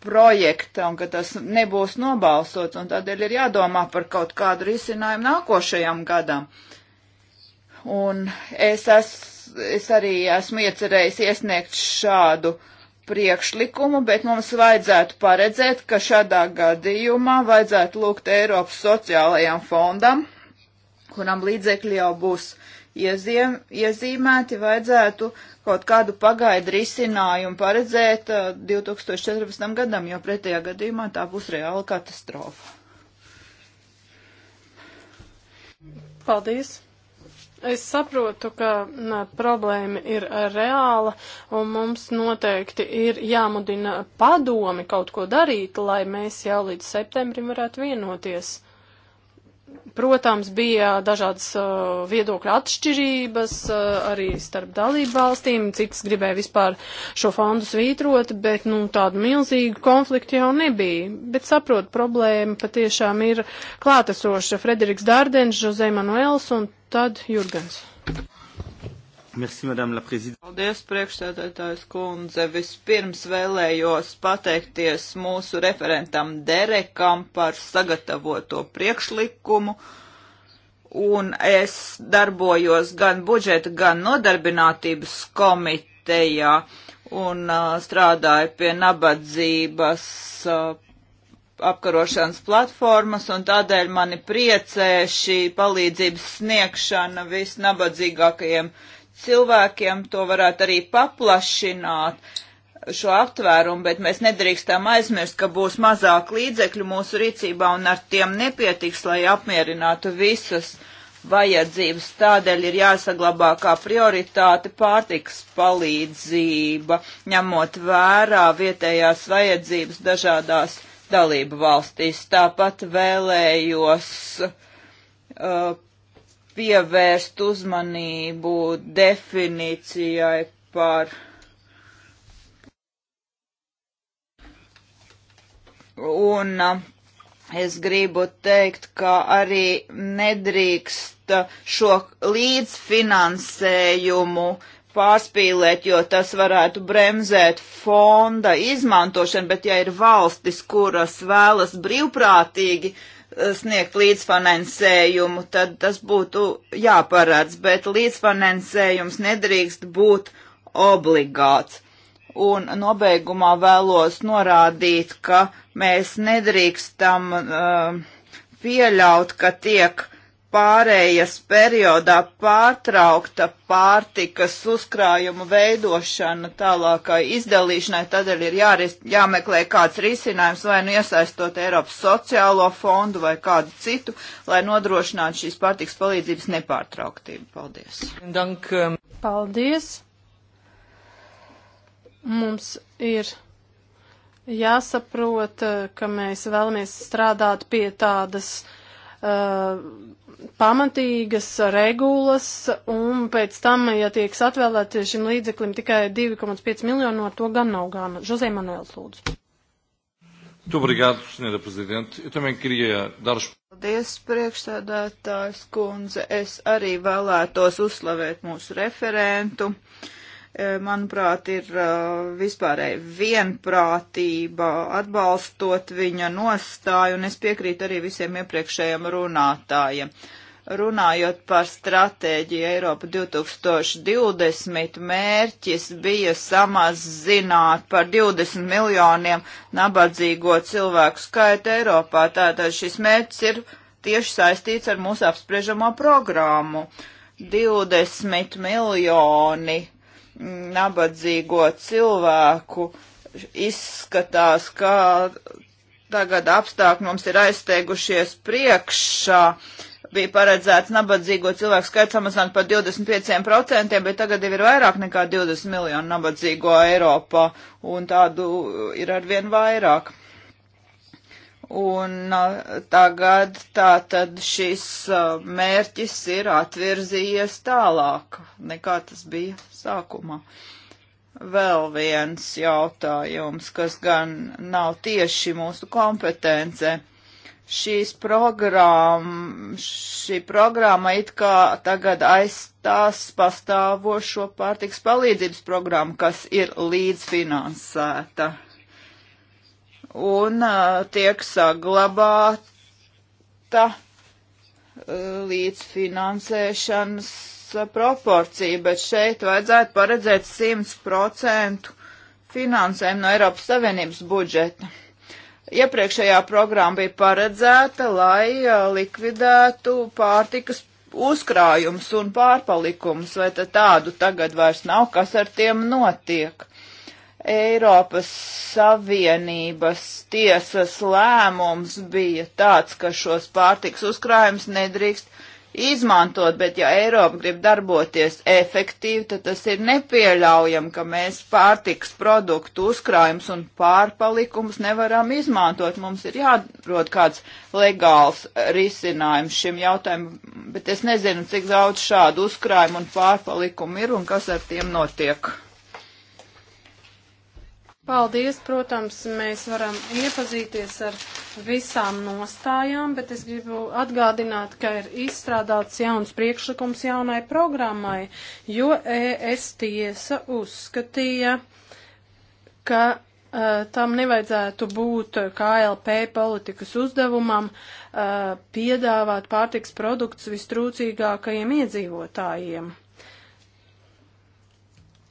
projekta un ka tas nebūs nobalsots, un tādēļ ir jādomā par kaut kādu risinājumu nākošajam gadam. Un es, es, es arī esmu iecerējis iesniegt šādu priekšlikumu, bet mums vajadzētu paredzēt, ka šādā gadījumā vajadzētu lūgt Eiropas sociālajam fondam, kuram līdzekļi jau būs iezīm, iezīmēti, vajadzētu kaut kādu pagaidu risinājumu paredzēt 2014. Uh, gadam, jo pretējā gadījumā tā būs reāla katastrofa. Paldies! Es saprotu, ka nā, problēma ir uh, reāla, un mums noteikti ir jāmudina padomi kaut ko darīt, lai mēs jau līdz septembrim varētu vienoties. Protams, bija dažādas uh, viedokļa atšķirības uh, arī starp dalību valstīm, citas gribēja vispār šo fondu svītrot, bet nu, tādu milzīgu konfliktu jau nebija. Bet saprot, problēma patiešām ir klātesoša Frederiks Dārdens, Žozē Manuels un tad Jurgens. Merci, madame la prezidente. Paldies, priekšsēdētājs kundze. Vispirms vēlējos pateikties mūsu referentam Derekam par sagatavoto priekšlikumu. Un es darbojos gan budžeta, gan nodarbinātības komitejā un uh, strādāju pie nabadzības uh, apkarošanas platformas, un tādēļ mani priecē šī palīdzības sniegšana visnabadzīgākajiem cilvēkiem to varētu arī paplašināt šo aptvērumu, bet mēs nedrīkstam aizmirst, ka būs mazāk līdzekļu mūsu rīcībā un ar tiem nepietiks, lai apmierinātu visas vajadzības. Tādēļ ir jāsaglabā kā prioritāte pārtiks palīdzība, ņemot vērā vietējās vajadzības dažādās dalību valstīs. Tāpat vēlējos uh, pievērst uzmanību definīcijai par un eh, es gribu teikt, ka arī nedrīkst šo līdzfinansējumu pārspīlēt, jo tas varētu bremzēt fonda izmantošanu, bet ja ir valstis, kuras vēlas brīvprātīgi uh, sniegt līdzfinansējumu, tad tas būtu jāparāds, bet līdzfinansējums nedrīkst būt obligāts. Un nobeigumā vēlos norādīt, ka mēs nedrīkstam uh, pieļaut, ka tiek pārējas periodā pārtraukta pārtikas uzkrājumu veidošana tālākai izdalīšanai, tādēļ ir jāris, jāmeklē kāds risinājums, vai nu iesaistot Eiropas sociālo fondu vai kādu citu, lai nodrošinātu šīs pārtikas palīdzības nepārtrauktību. Paldies! Dank, um... Paldies! Mums ir jāsaprot, uh, ka mēs vēlamies strādāt pie tādas uh, pamatīgas regulas, un pēc tam, ja tiek atvēlēti šim līdzeklim tikai 2,5 miljonu, no to gan nav gana. José Manuels, lūdzu. Muito obrigado, Sra. Presidente. Eu também queria dar os. Paldies, priekšsēdētājs kundze. Es arī vēlētos uzslavēt mūsu referentu. Uh, E, manuprāt, ir e, vispārēji vienprātība atbalstot viņa nostāju, un es piekrītu arī visiem iepriekšējiem runātājiem. Runājot par stratēģiju Eiropa 2020, mērķis bija samazināt par 20 miljoniem nabadzīgo cilvēku skaitu Eiropā. Tātad šis mērķis ir tieši saistīts ar mūsu apspriežamo programmu. 20 miljoni uh, nabadzīgo cilvēku. Izskatās, ka tagad apstākļi mums ir aizsteigušies priekšā. Bija paredzēts nabadzīgo cilvēku skaits samazināt par 25%, bet tagad jau ir vairāk nekā 20 miljonu nabadzīgo Eiropā, un tādu ir arvien vairāk. Un uh, tagad tātad šis uh, mērķis ir atvirzījies tālāk, nekā tas bija sākumā. Vēl viens jautājums, kas gan nav tieši mūsu kompetence. Šīs programma, šī programma it kā tagad aizstās pastāvošo pārtiks palīdzības programmu, kas ir līdzfinansēta un tiek saglabāta līdz finansēšanas proporcija, bet šeit vajadzētu paredzēt 100% finansējumu no Eiropas Savienības budžeta. Iepriekšējā programma bija paredzēta, lai likvidētu pārtikas uzkrājums un pārpalikums, vai tad tādu tagad vairs nav, kas ar tiem notiek. Eiropas Savienības tiesas lēmums bija tāds, ka šos pārtiks uzkrājumus nedrīkst izmantot, bet ja Eiropa grib darboties efektīvi, tad tas ir nepieļaujami, ka mēs pārtiks produktu uzkrājums un pārpalikums nevaram izmantot. Mums ir jāatrod kāds legāls risinājums šim jautājumam, bet es nezinu, cik daudz šādu uzkrājumu un pārpalikumu ir un kas ar tiem notiek. Paldies, protams, mēs varam iepazīties ar visām nostājām, bet es gribu atgādināt, ka ir izstrādāts jauns priekšlikums jaunai programmai, jo ES tiesa uzskatīja, ka uh, tam nevajadzētu būt KLP politikas uzdevumam uh, piedāvāt pārtiks produktus vistrūcīgākajiem iedzīvotājiem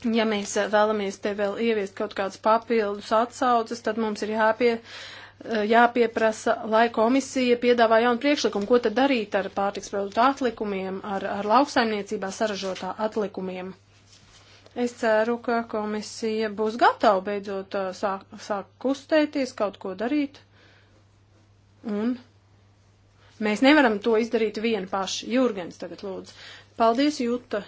ja mēs eh, vēlamies te vēl ieviest kaut kādas papildus atsaucas, tad mums ir jāpie, eh, jāpieprasa, lai komisija piedāvā jaunu priekšlikumu, ko tad darīt ar pārtiks produktu atlikumiem, ar, ar lauksaimniecībā saražotā atlikumiem. Es ceru, ka komisija būs gatava beidzot eh, sāk, sāk kustēties, kaut ko darīt. Un mēs nevaram to izdarīt vien paši. Jurgens tagad lūdzu. Paldies, Juta!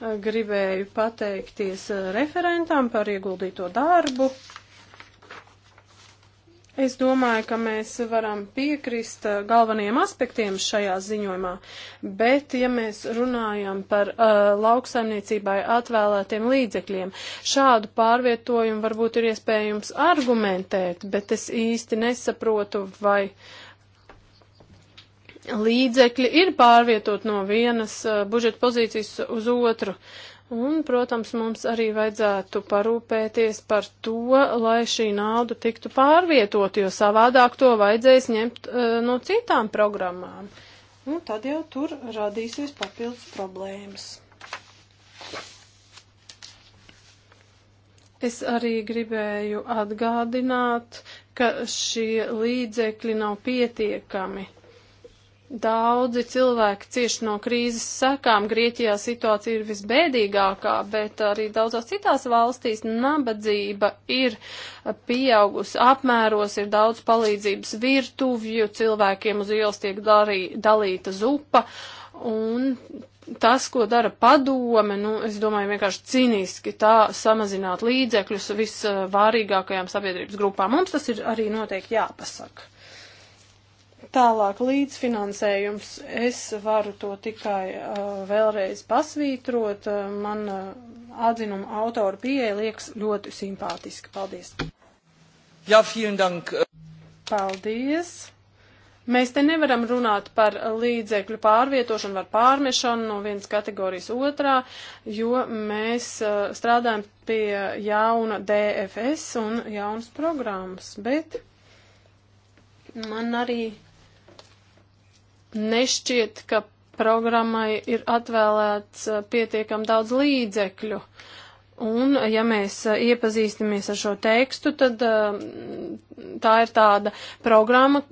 gribēju pateikties eh, referentam par ieguldīto darbu. Es domāju, ka mēs varam piekrist eh, galvenajiem aspektiem šajā ziņojumā, bet ja mēs runājam par uh, lauksaimniecībai atvēlētiem līdzekļiem, šādu pārvietojumu varbūt ir iespējams argumentēt, bet es īsti nesaprotu, vai uh, līdzekļi ir pārvietot no vienas budžeta pozīcijas uz otru. Un, protams, mums arī vajadzētu parūpēties par to, lai šī nauda tiktu pārvietot, jo savādāk to vajadzēs ņemt uh, no citām programmām. Un nu, tad jau tur radīsies papildus problēmas. Es arī gribēju atgādināt, ka šie līdzekļi nav pietiekami Daudzi cilvēki cieši no krīzes sekām. Grieķijā situācija ir visbēdīgākā, bet arī daudzās citās valstīs nabadzība ir pieaugusi apmēros, ir daudz palīdzības virtuvju, cilvēkiem uz ielas tiek darī, dalīta zupa, un tas, ko dara padome, nu, es domāju, vienkārši cīniski tā samazināt līdzekļus visvārīgākajām sabiedrības grupām. Mums tas ir arī noteikti jāpasaka. Tālāk līdzfinansējums. Es varu to tikai uh, vēlreiz pasvītrot. Uh, man uh, atzinuma autora pieeja liekas ļoti simpātiska. Paldies. Jā, ja, vielen dank. Paldies. Mēs te nevaram runāt par līdzekļu pārvietošanu vai pārmešanu no vienas kategorijas otrā, jo mēs uh, strādājam pie jauna DFS un jaunas programmas, bet man arī nešķiet, ka programmai ir atvēlēts eh, pietiekam daudz līdzekļu. Un, eh, ja mēs eh, iepazīstamies ar šo tekstu, tad tā ir tāda programma,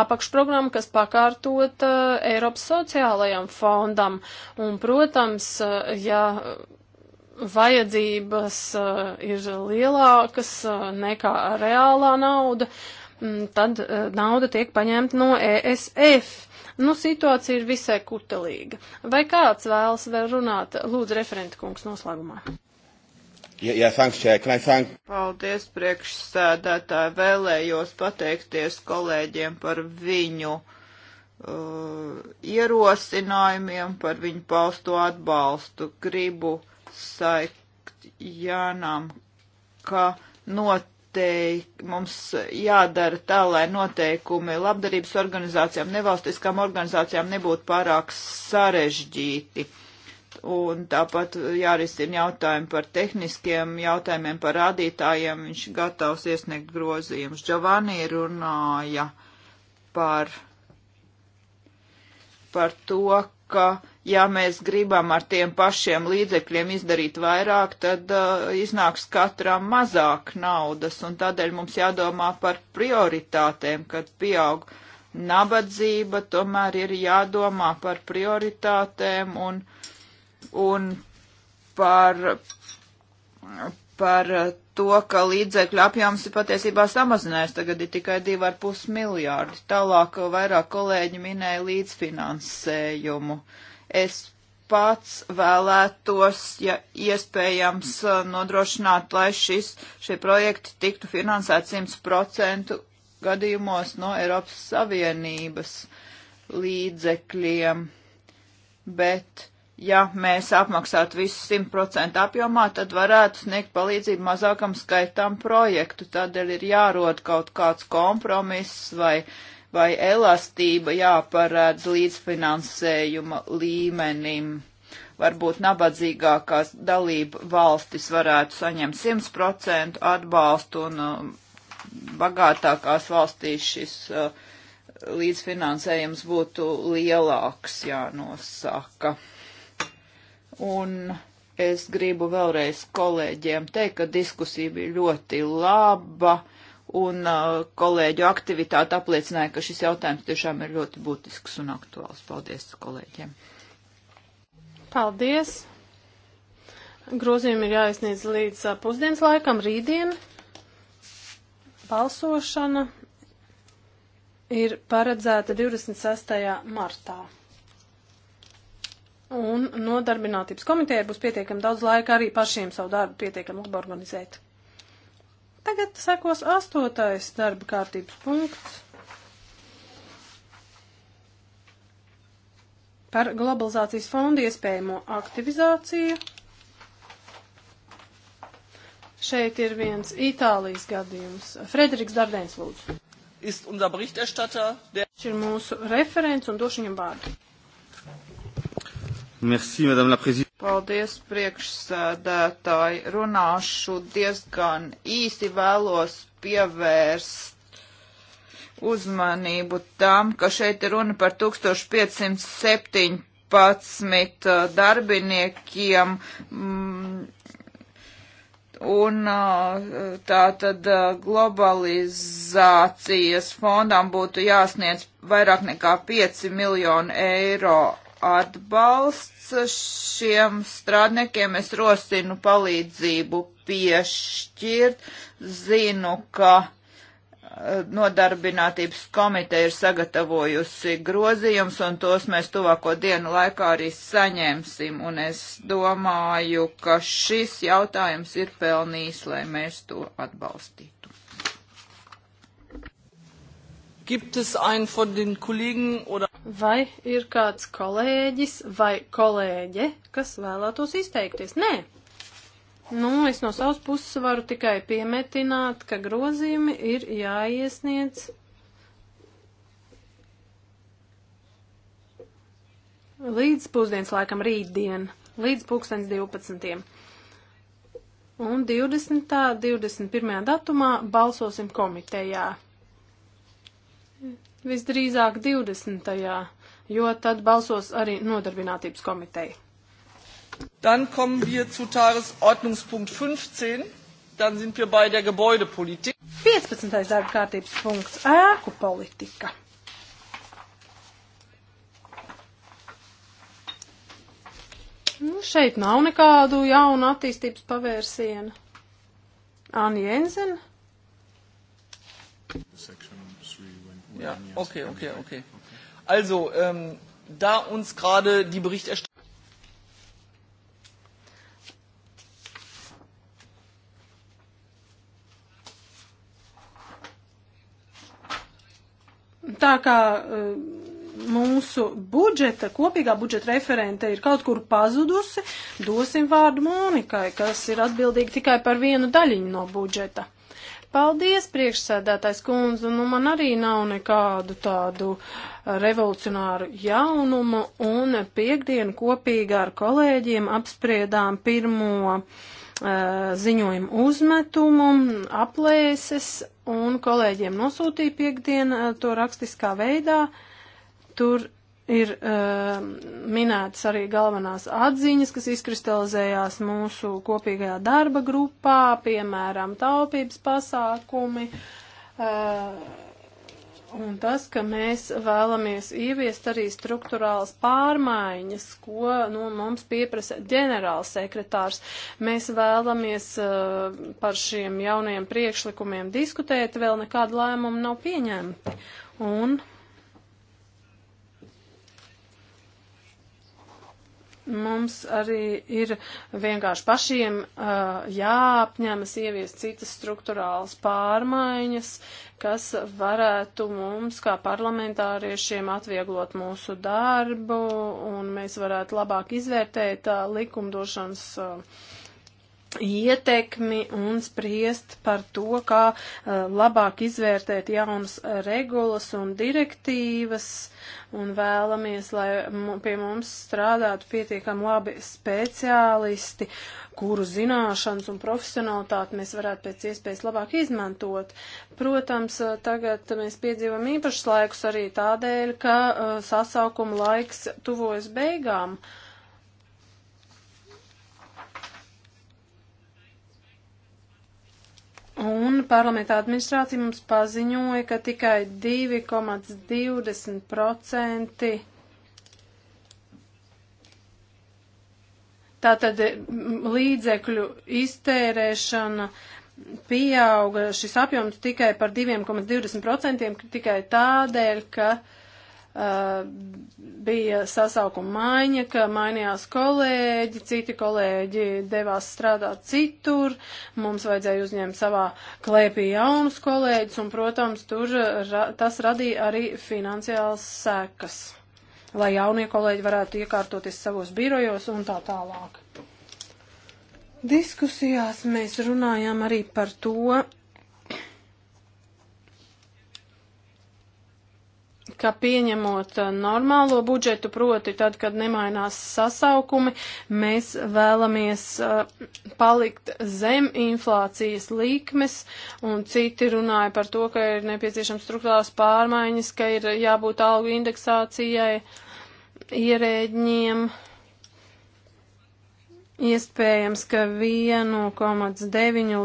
apakšprogramma, kas pakārtot Eiropas sociālajam fondam. Un, protams, ja vajadzības ir lielākas nekā reālā nauda, mm, tad nauda tiek paņemta no ESF. Nu, situācija ir visai kutelīga. Vai kāds vēlas vēl runāt? Lūdzu, referenta kungs noslēgumā. Yeah, yeah, thanks, Chair. Can I thank... Paldies, priekšsēdētāji. Vēlējos pateikties kolēģiem par viņu uh, ierosinājumiem, par viņu pausto atbalstu. Gribu saikt Jānam, ka not noteik, mums jādara tā, lai noteikumi labdarības organizācijām, nevalstiskām organizācijām nebūtu pārāk sarežģīti. Un tāpat jārisina jautājumi par tehniskiem jautājumiem, par rādītājiem. Viņš gatavs iesniegt grozījumus. Giovanni runāja par, par to, ka uh, ja mēs gribam ar tiem pašiem līdzekļiem izdarīt vairāk, tad uh, iznāks katram mazāk naudas, un tādēļ mums jādomā par prioritātēm, kad pieaug nabadzība, tomēr ir jādomā par prioritātēm un, un par, par uh, to, ka līdzekļu apjoms ir patiesībā samazinājies, tagad ir tikai 2,5 miljārdi. Tālāk vairāk kolēģi minēja līdzfinansējumu. Uh, Es pats vēlētos, ja iespējams, eh, nodrošināt, lai šis, šie projekti tiktu finansēti 100% gadījumos no Eiropas Savienības līdzekļiem. Bet, ja mēs apmaksātu visu 100% apjomā, tad varētu sniegt palīdzību mazākam skaitam projektu. Tādēļ ir jārod kaut kāds kompromiss vai uh, vai elastība jāparēdz līdzfinansējuma līmenim. Varbūt nabadzīgākās dalība valstis varētu saņemt 100% atbalstu un uh, bagātākās valstīs šis uh, līdzfinansējums būtu lielāks, jānosaka. Un es gribu vēlreiz kolēģiem teikt, ka diskusija bija ļoti laba un uh, kolēģu aktivitāte apliecināja, ka šis jautājums tiešām ir ļoti būtisks un aktuāls. Paldies kolēģiem! Paldies! Grozījumi ir jāiesniedz līdz uh, pusdienas laikam rītdien. Balsošana ir paredzēta 26. martā. Un nodarbinātības komitejai būs pietiekami daudz laika arī pašiem savu darbu pietiekami labi organizēt. Tagad sekos astotais darba kārtības punkts par globalizācijas fondu iespējamo aktivizāciju. Šeit ir viens Itālijas gadījums. Frederiks Dardēns, lūdzu. Ist unser Berichterstatter, der... Šis ir mūsu referents un došu viņam vārdu. Merci, madame la présidente. Paldies, priekšsēdētāji. Runāšu diezgan īsi vēlos pievērst uzmanību tam, ka šeit ir runa par 1517 uh, darbiniekiem. Mm, un uh, tā tad uh, globalizācijas fondam būtu jāsniedz vairāk nekā 5 miljonu eiro atbalsts šiem strādniekiem es rosinu palīdzību piešķirt. Zinu, ka eh, nodarbinātības komiteja ir sagatavojusi grozījums, un tos mēs tuvāko dienu laikā arī saņemsim. Un es domāju, ka šis jautājums ir pelnījis, lai mēs to atbalstītu. Gibt es einen von den Kollegen oder Vai ir kāds kolēģis vai kolēģe, kas vēlētos izteikties? Nē. Nu, es no savas puses varu tikai piemetināt, ka grozījumi ir jāiesniedz līdz pusdienas laikam rītdien, līdz pulkstens 12. Un 20. 21. datumā balsosim komitejā visdrīzāk 20. jo tad balsos arī nodarbinātības komiteja. Dann kommen wir zu Tagesordnungspunkt 15. Dann sind wir bei der Gebäudepolitik. 15. darba kārtības punkts - ēku politika. Nu, šeit nav nekādu jaunu attīstības pavērsienu. Anni Jensen. The section. Ja, okay, okay, okay. Also, ähm, da uns gerade die Berichterstattung. Tā kā e, mūsu budžeta, kopīgā budžeta referente ir kaut kur pazudusi, dosim vārdu Monikai, kas ir atbildīga tikai par vienu daļiņu no budžeta. Paldies, priekšsēdētājs kundze, nu man arī nav nekādu tādu uh, revolucionāru jaunumu, un piekdienu kopīgi ar kolēģiem apspriedām pirmo uh, ziņojumu uzmetumu, aplēses, un kolēģiem nosūtīja piekdienu uh, to rakstiskā veidā. Tur Ir uh, minētas arī galvenās atziņas, kas izkristalizējās mūsu kopīgajā darba grupā, piemēram, taupības pasākumi. Uh, Un tas, ka mēs vēlamies ieviest arī struktūrālas pārmaiņas, ko no nu, mums pieprasa ģenerāls sekretārs, mēs vēlamies uh, par šiem jaunajiem priekšlikumiem diskutēt, vēl nekāda lēmuma nav pieņemta. Un mums arī ir vienkārši pašiem uh, jāapņemas ieviest citas struktūrālas pārmaiņas, kas varētu mums kā parlamentāriešiem atvieglot mūsu darbu un mēs varētu labāk izvērtēt uh, likumdošanas. Uh, ietekmi un spriest par to, kā uh, labāk izvērtēt jaunas regulas un direktīvas un vēlamies, lai pie mums strādātu pietiekami labi speciālisti, kuru zināšanas un profesionalitāti mēs varētu pēc iespējas labāk izmantot. Protams, eh, tagad mēs piedzīvam īpašus laikus arī tādēļ, ka uh, sasaukuma laiks tuvojas beigām. Uh, Un parlamentā administrācija mums paziņoja, ka tikai 2,20% tātad līdzekļu iztērēšana pieauga šis apjoms tikai par 2,20% tikai tādēļ, ka uh, Eh, bija sasaukuma maiņa, ka mainījās kolēģi, citi kolēģi devās strādāt citur, mums vajadzēja uzņemt savā klēpī jaunus kolēģus, un, protams, tur ra tas radīja arī finansiāls sekas, lai jaunie kolēģi varētu iekārtoties savos birojos un tā tālāk. Diskusijās mēs runājām arī par to, ka pieņemot uh, normālo budžetu, proti tad, kad nemainās sasaukumi, mēs vēlamies uh, palikt zem inflācijas līkmes, un citi runāja par to, ka ir nepieciešams struktūrās pārmaiņas, ka ir jābūt algu indeksācijai ierēģiem. Uh, Iespējams, ka 1,9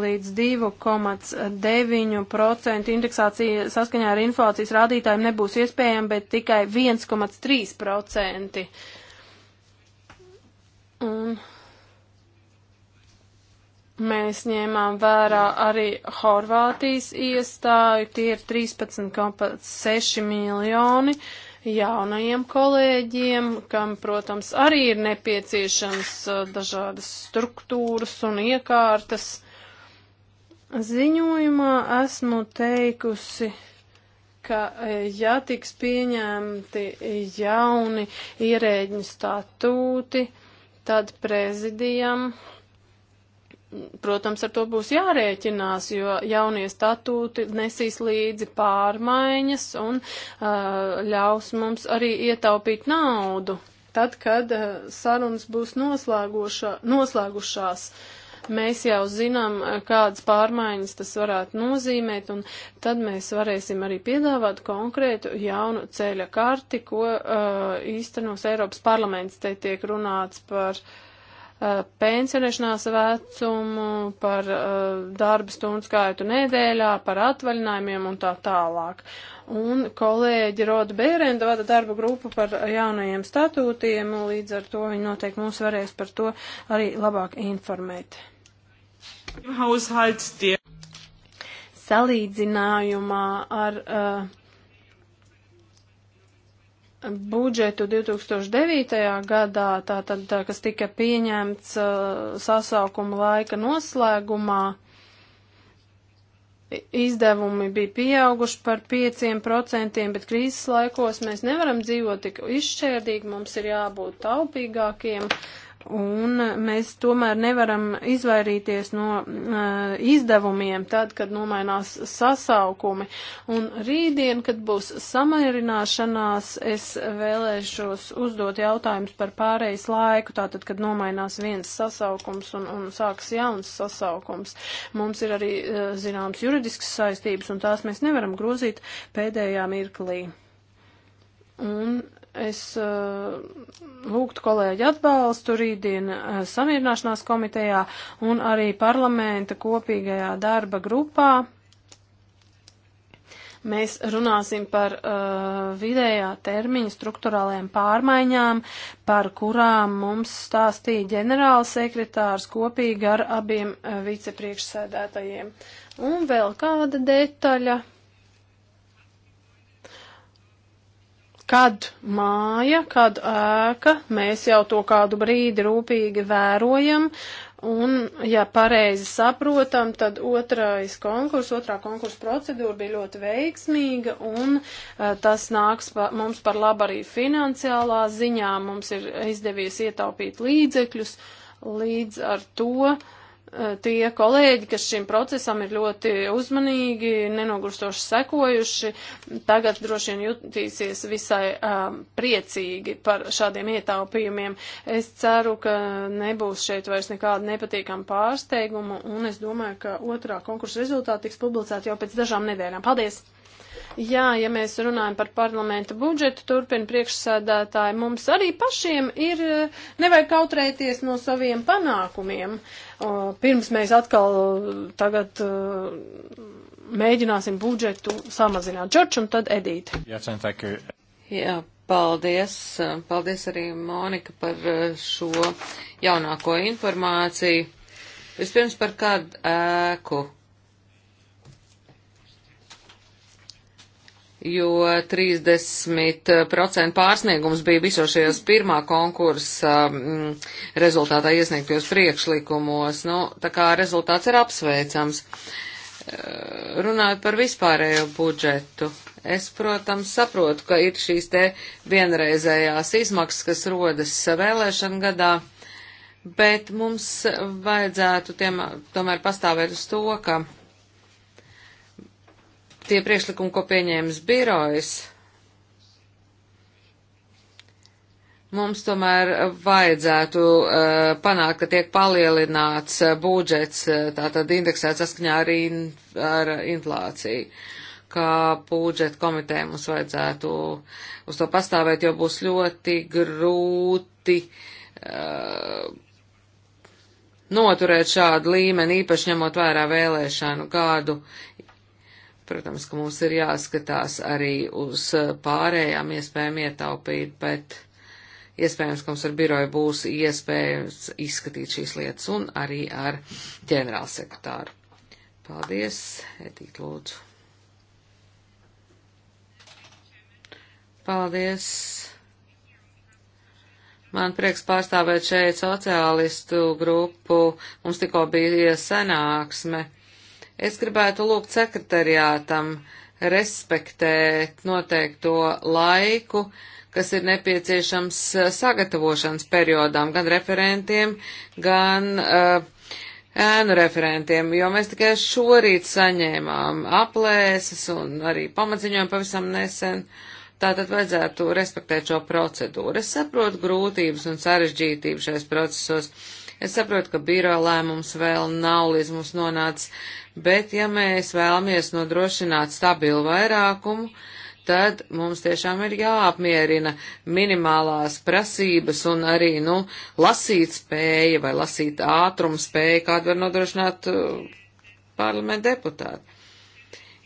līdz 2,9% indeksācija saskaņā ar inflācijas rādītājiem nebūs iespējama, bet tikai 1,3%. Un mēs ņēmām vērā arī Horvātijas iestāju, tie ir 13,6 miljoni. Uh, jaunajiem kolēģiem, kam, protams, arī ir nepieciešams dažādas struktūras un iekārtas. Ziņojumā esmu teikusi, ka ja tiks pieņemti jauni ierēģi statūti, tad prezidijam protams, ar to būs jārēķinās, jo jaunie statūti nesīs līdzi pārmaiņas un uh, ļaus mums arī ietaupīt naudu. Tad, kad uh, sarunas būs noslēgušās, mēs jau zinām, kādas pārmaiņas tas varētu nozīmēt, un tad mēs varēsim arī piedāvāt konkrētu jaunu ceļa karti, ko uh, īstenos Eiropas parlaments. Te tiek runāts par uh, Eh, pensionēšanās vecumu, par eh, darba stundu skaitu nedēļā, par atvaļinājumiem un tā tālāk. Un kolēģi Roda Bērenda vada darba grupu par jaunajiem statūtiem, līdz ar to viņi noteikti mūs varēs par to arī labāk informēt. Salīdzinājumā ar uh, budžetu 2009. gadā, tātad, kas tika pieņemts sasaukuma laika noslēgumā, izdevumi bija pieauguši par 5%, bet krīzes laikos mēs nevaram dzīvot tik izšķērdīgi, mums ir jābūt taupīgākiem. Uh, un mēs tomēr nevaram izvairīties no uh, izdevumiem tad, kad nomainās sasaukumi. Un rītdien, kad būs samierināšanās, es vēlēšos uzdot jautājumus par pārējais laiku, tātad, kad nomainās viens sasaukums un, un sāks jauns sasaukums. Mums ir arī uh, zināms juridisks saistības, un tās mēs nevaram grozīt pēdējā mirklī. Un es uh, lūgtu kolēģi atbalstu rītdien uh, samierināšanās komitejā un arī parlamenta kopīgajā darba grupā. Mēs runāsim par uh, vidējā termiņa struktūrālajām pārmaiņām, par kurām mums stāstīja ģenerālsekretārs kopīgi ar abiem uh, vicepriekšsēdētajiem. Un vēl kāda detaļa. Uh, kad māja, kad ēka, mēs jau to kādu brīdi rūpīgi vērojam, un, ja pareizi saprotam, tad otrais konkurs, otrā konkursa procedūra bija ļoti veiksmīga, un e, tas nāks pa, mums par labu arī finansiālā ziņā, mums ir izdevies ietaupīt līdzekļus, līdz ar to uh, tie kolēģi, kas šim procesam ir ļoti uzmanīgi, nenogurstoši sekojuši, tagad droši vien jutīsies visai um, priecīgi par šādiem ietaupījumiem. Es ceru, ka nebūs šeit vairs nekāda nepatīkama pārsteiguma, un es domāju, ka otrā konkursa rezultāti tiks publicēti jau pēc dažām nedēļām. Paldies! Jā, ja mēs runājam par parlamenta budžetu, turpina priekšsādātāji, mums arī pašiem ir, eh, nevajag kautrēties no saviem panākumiem. Pirms mēs atkal eh, tagad eh, mēģināsim budžetu samazināt. Džordž un tad Edīte. Jā, paldies. Paldies arī Monika par šo jaunāko informāciju. Vispirms par kādu ēku. Uh, jo 30% pārsniegums bija visos šajos pirmā konkursa mm, rezultātā iesniegtajos priekšlikumos. Nu, tā kā rezultāts ir apsveicams. Eh, runājot par vispārējo budžetu, es, protams, saprotu, ka ir šīs te vienreizējās izmaksas, kas rodas vēlēšana gadā, bet mums vajadzētu tiem, tomēr pastāvēt uz to, ka tie priekšlikumi, ko pieņēmis birojas, Mums tomēr vajadzētu uh, panākt, ka tiek palielināts uh, budžets, uh, tātad indeksēts saskaņā ar, in, ar inflāciju, kā budžeta komiteja mums vajadzētu uz to pastāvēt, jo būs ļoti grūti noturēt šādu līmeni, īpaši ņemot vērā vēlēšanu gadu, Protams, ka mums ir jāskatās arī uz pārējām iespējām ietaupīt, bet iespējams, ka mums ar biroju būs iespējams izskatīt šīs lietas un arī ar ģenerālsekretāru. Paldies, Edīt Lūdzu. Paldies. Man prieks pārstāvēt šeit sociālistu grupu. Mums tikko bija sanāksme Es gribētu lūgt sekretariātam respektēt noteikto laiku, kas ir nepieciešams eh, sagatavošanas periodām gan referentiem, gan uh, ēnu referentiem, jo mēs tikai šorīt saņēmām aplēses un arī pamatziņojumu pavisam nesen. Tātad vajadzētu respektēt šo procedūru. Es saprotu grūtības un sarežģītības šais procesos Es saprotu, ka biro lēmums vēl nav līdz mums nonācis, bet ja mēs vēlamies nodrošināt stabilu vairākumu, tad mums tiešām ir jāapmierina minimālās prasības un arī, nu, lasīt spēja vai lasīt ātrumu spēja, kādu var nodrošināt uh, parlamenta deputāti.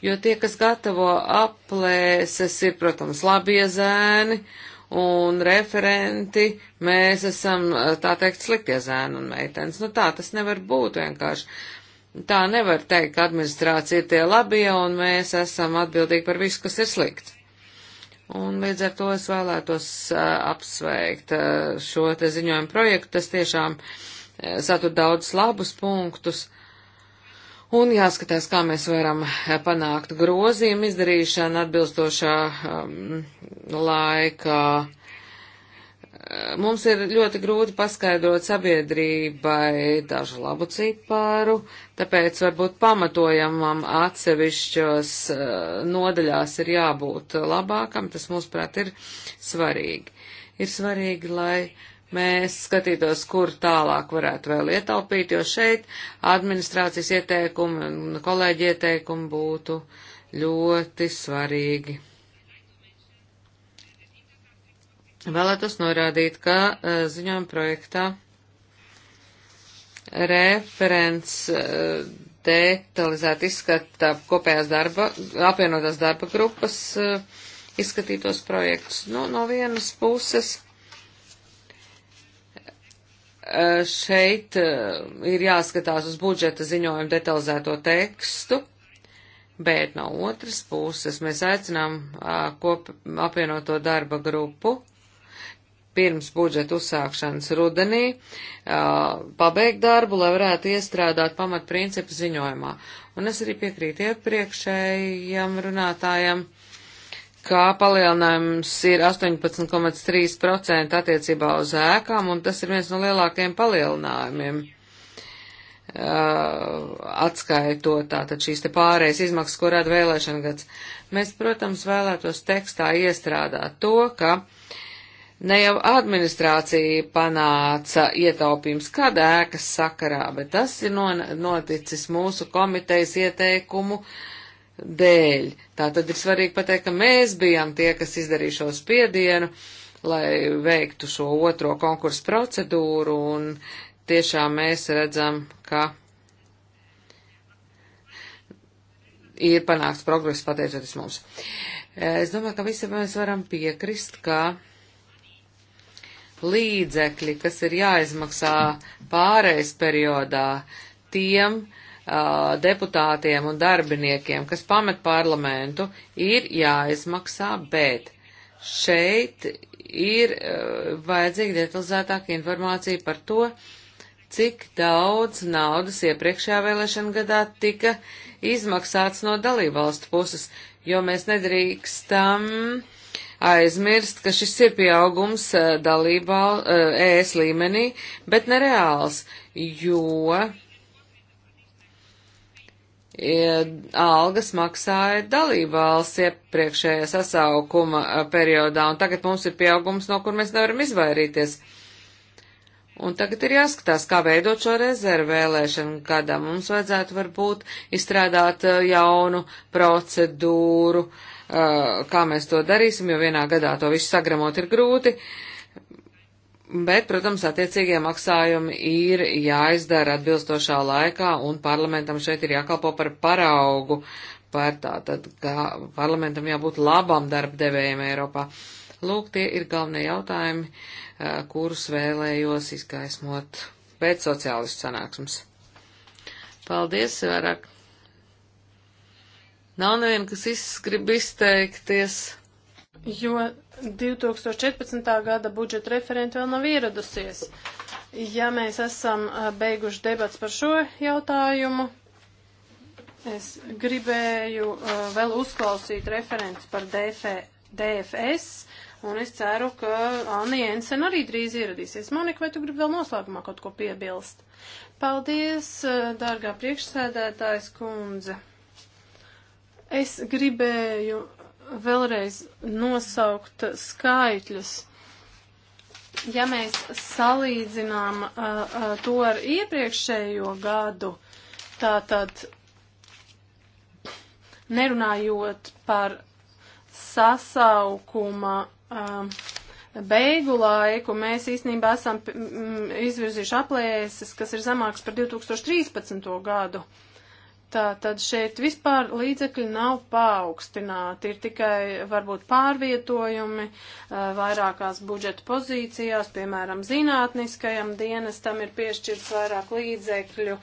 Jo tie, kas gatavo aplēses, ir, protams, labie zēni, uh, un referenti mēs esam, tā teikt, sliktie zēni un meitenes. Nu tā, tas nevar būt vienkārši. Tā nevar teikt, ka administrācija ir tie labie un mēs esam atbildīgi par visu, kas ir slikts. Un līdz ar to es vēlētos uh, apsveikt uh, šo te ziņojumu projektu. Tas tiešām uh, satur daudz labus punktus. Uh, Un jāskatās, kā mēs varam eh, panākt grozījumu izdarīšanu atbilstošā um, laikā. Mums ir ļoti grūti paskaidrot sabiedrībai dažu labu ciparu, tāpēc varbūt pamatojamam atsevišķos uh, nodaļās ir jābūt labākam, tas mūsuprāt ir svarīgi. Ir svarīgi, lai uh, mēs skatītos, kur tālāk varētu vēl ietaupīt, jo šeit administrācijas ieteikumi un kolēģi ieteikumi būtu ļoti svarīgi. Vēlētos norādīt, ka eh, ziņojuma projektā referents eh, detalizēti izskata kopējās darba, apvienotās darba grupas eh, izskatītos projektus. Nu, no vienas puses Eh, šeit eh, ir jāskatās uz budžeta ziņojumu detalizēto tekstu, bet no otras puses mēs aicinām eh, kop, apvienoto darba grupu pirms budžeta uzsākšanas rudenī pabeigt darbu, lai varētu iestrādāt pamatprincipu ziņojumā. Un es arī piekrītu iepriekšējiem runātājiem. Ja kā palielinājums ir 18,3% attiecībā uz ēkām, un tas ir viens no lielākajiem palielinājumiem. Uh, atskaitot tātad šīs te pārējais izmaksas, ko rada vēlēšana gads. Mēs, protams, vēlētos tekstā iestrādāt to, ka ne jau administrācija panāca ietaupījums kad ēkas sakarā, bet tas ir noticis mūsu komitejas ieteikumu uh, dēļ. Tā tad ir svarīgi pateikt, ka mēs bijām tie, kas izdarīja šo spiedienu, lai veiktu šo otro konkursu procedūru, un tiešām mēs redzam, ka ir panākts progress pateicoties mums. Es domāju, ka visi mēs varam piekrist, ka līdzekļi, kas ir jāizmaksā pārējais periodā, tiem, uh, deputātiem un darbiniekiem, kas pamet parlamentu, ir jāizmaksā, bet šeit ir vajadzīga detalizētāka informācija par to, cik daudz naudas iepriekšējā vēlēšana gadā tika izmaksāts no dalībvalstu puses, jo mēs nedrīkstam aizmirst, ka šis ir pieaugums dalībā ES līmenī, bet nereāls, jo algas maksāja dalībvalsts iepriekšējā sasaukuma eh, periodā, un tagad mums ir pieaugums, no kur mēs nevaram izvairīties. Un tagad ir jāskatās, kā veidot šo rezervu vēlēšanu gadā. Mums vajadzētu varbūt izstrādāt eh, jaunu procedūru, eh, kā mēs to darīsim, jo vienā gadā to visu sagramot ir grūti. Uh, Bet, protams, attiecīgie maksājumi ir jāizdara atbilstošā laikā, un parlamentam šeit ir jākalpo par paraugu, par tā, tad, ka parlamentam jābūt labam darbdevējiem Eiropā. Lūk, tie ir galvenie jautājumi, eh, kurus vēlējos izgaismot pēc sociālistu sanāksmes. Paldies, vairāk. Nav neviena, kas izskrib izteikties jo 2014. gada budžeta referenti vēl nav ieradusies. Ja mēs esam beiguši debats par šo jautājumu, es gribēju vēl uzklausīt referents par DF, e, DFS, un es ceru, ka Anna Jensen arī drīz ieradīsies. Monika, vai tu gribi vēl noslēgumā kaut ko piebilst? Paldies, dārgā priekšsēdētājs kundze. Es gribēju vēlreiz nosaukt skaitļus. Ja mēs salīdzinām uh, uh, to ar iepriekšējo gadu, tātad nerunājot par sasaukuma uh, beigu laiku, mēs īstenībā esam izvirzījuši aplēses, kas ir zemāks par 2013. gadu. Uh, Tā tad šeit vispār līdzekļi nav paaugstināti, ir tikai varbūt pārvietojumi vairākās budžeta pozīcijās, piemēram, zinātniskajam dienestam ir piešķirts vairāk līdzekļu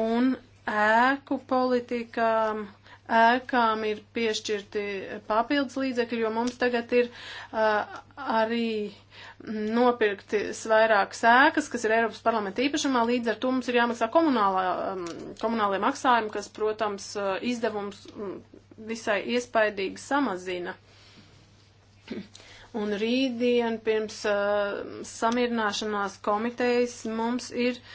un ēku politikām ēkām ir piešķirti papildus līdzekļi, jo mums tagad ir uh, arī nopirkti vairākas ēkas, kas ir Eiropas parlamenta īpašumā, līdz ar to mums ir jāmaksā komunālā, um, komunālajie maksājumi, kas, protams, uh, izdevums um, visai iespaidīgi samazina. Un rītdien pirms uh, samierināšanās komitejas mums ir uh,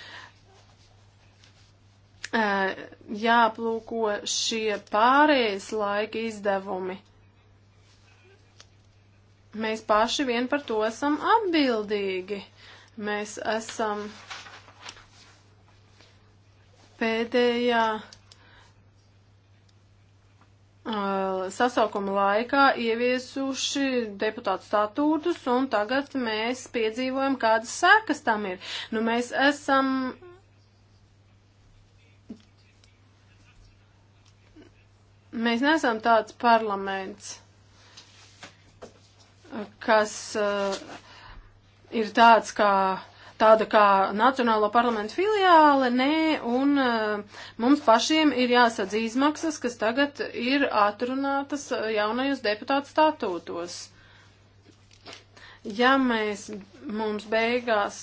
jāplūko šie pārējais laika izdevumi. Mēs paši vien par to esam atbildīgi. Mēs esam pēdējā sasaukuma laikā ieviesuši deputātu statūtus, un tagad mēs piedzīvojam, kādas sekas tam ir. Nu, mēs esam Mēs neesam tāds parlaments, kas uh, ir tāds kā tāda kā Nacionālo parlamentu filiāle, nē, un uh, mums pašiem ir jāsadz izmaksas, kas tagad ir atrunātas uh, jaunajos deputātu statūtos. Ja mēs mums beigās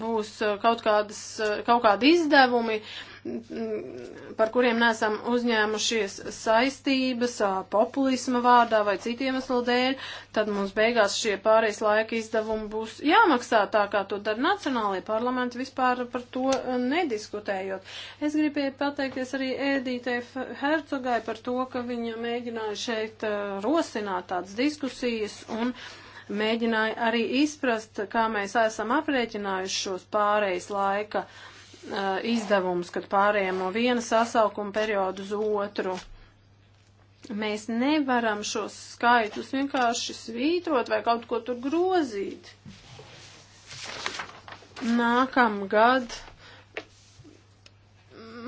būs uh, kaut kādas, uh, kaut kādi izdevumi, uh, par kuriem nesam uzņēmušies saistības populisma vārdā vai citiem iemeslu dēļ, tad mums beigās šie pārējais laika izdevumi būs jāmaksā tā, kā to dara nacionālajie parlamenti, vispār par to nediskutējot. Es gribēju pateikties arī Ēdītē Hercogai par to, ka viņa mēģināja šeit rosināt tādas diskusijas un mēģināja arī izprast, kā mēs esam aprēķinājuši šos pārējais laika uh, Uh, izdevumus, kad pārējām no viena sasaukuma periodu uz otru. Mēs nevaram šos skaitus vienkārši svītrot vai kaut ko tur grozīt. Nākamgad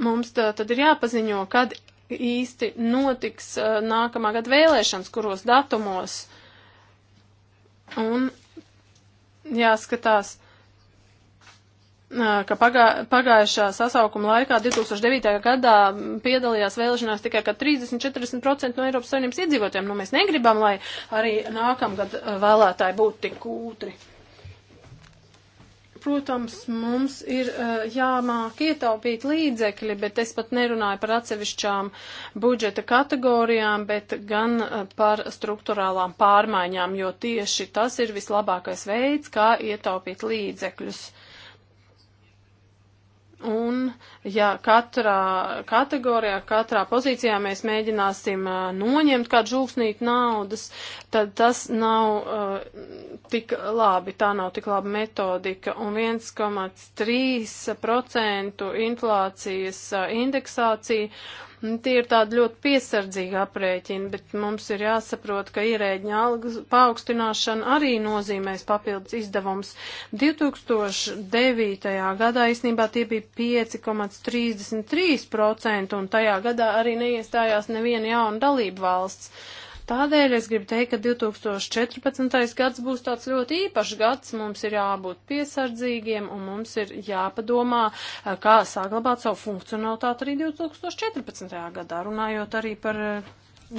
mums tā, tad ir jāpaziņo, kad īsti notiks uh, nākamā gada vēlēšanas, kuros datumos. Un jāskatās, uh, ka pagā, pagājušā sasaukuma laikā 2009. gadā piedalījās vēlēšanās tikai 30-40% no Eiropas Savienības iedzīvotājiem. Nu, mēs negribam, lai arī nākamgad vēlētāji būtu tik kūtri. Protams, mums ir uh, jāmāk ietaupīt līdzekļi, bet es pat nerunāju par atsevišķām budžeta kategorijām, bet gan uh, par struktūrālām pārmaiņām, jo tieši tas ir vislabākais veids, kā ietaupīt līdzekļus. Uh, Un, ja katrā kategorijā, katrā pozīcijā mēs mēģināsim uh, noņemt kādu žūksnīti naudas, tad tas nav uh, tik labi, tā nav tik laba metodika. Un 1,3% inflācijas uh, indeksācija Tie ir tādi ļoti piesardzīgi aprēķini, bet mums ir jāsaprot, ka ierēģņa algas paaugstināšana arī nozīmēs papildus izdevums. 2009. gadā īsnībā tie bija 5,33% un tajā gadā arī neiestājās neviena jauna dalība valsts. Uh, Tādēļ es gribu teikt, ka 2014. gads būs tāds ļoti īpašs gads, mums ir jābūt piesardzīgiem un mums ir jāpadomā, eh, kā saglabāt savu funkcionalitāti arī 2014. gadā, runājot arī par eh,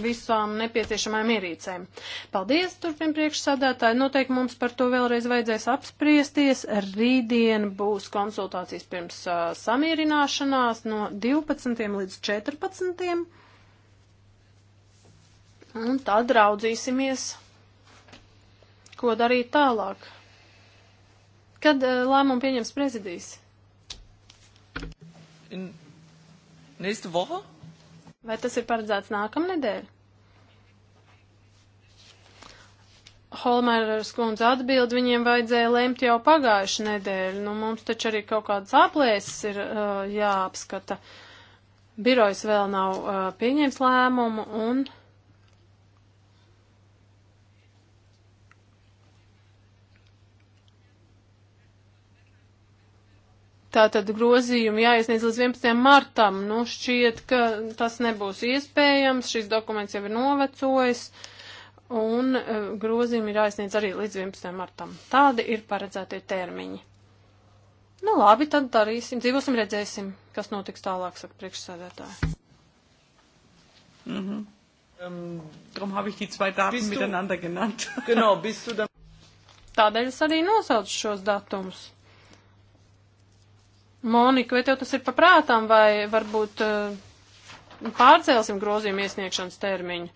visām nepieciešamajām ierīcēm. Paldies, turpin priekšsādātāji. Noteikti mums par to vēlreiz vajadzēs apspriesties. Rītdien būs konsultācijas pirms uh, samierināšanās no 12. līdz 14. Un tad raudzīsimies, ko darīt tālāk. Kad eh, lēmumu pieņems prezidijs? In... Nächste Woche? Vai tas ir paredzēts nākamnedēļ? Holmēras kundze atbild, viņiem vajadzēja lemt jau pagājušu nedēļu. Nu, mums taču arī kaut kādas aplēses ir uh, jāapskata. Birojs vēl nav uh, eh, pieņēmis lēmumu un. Uh, Tātad grozījumi jāiesniedz līdz 11. martam. Nu, šķiet, ka tas nebūs iespējams, šis dokuments jau ir novecojis, un e, grozījumi ir jāiesniedz arī līdz 11. martam. Tādi ir paredzētie termiņi. Nu, labi, tad darīsim, dzīvosim, redzēsim, kas notiks tālāk, saka priekšsēdētāji. Mhm. Mm ähm, Darum habe ich die zwei Daten bist miteinander du, genannt. genau, bist du dann. Tādēļ es arī nosaucu šos datumus. Monika, vai tev tas ir paprātām, vai varbūt eh, pārcelsim grozījumu iesniegšanas termiņu?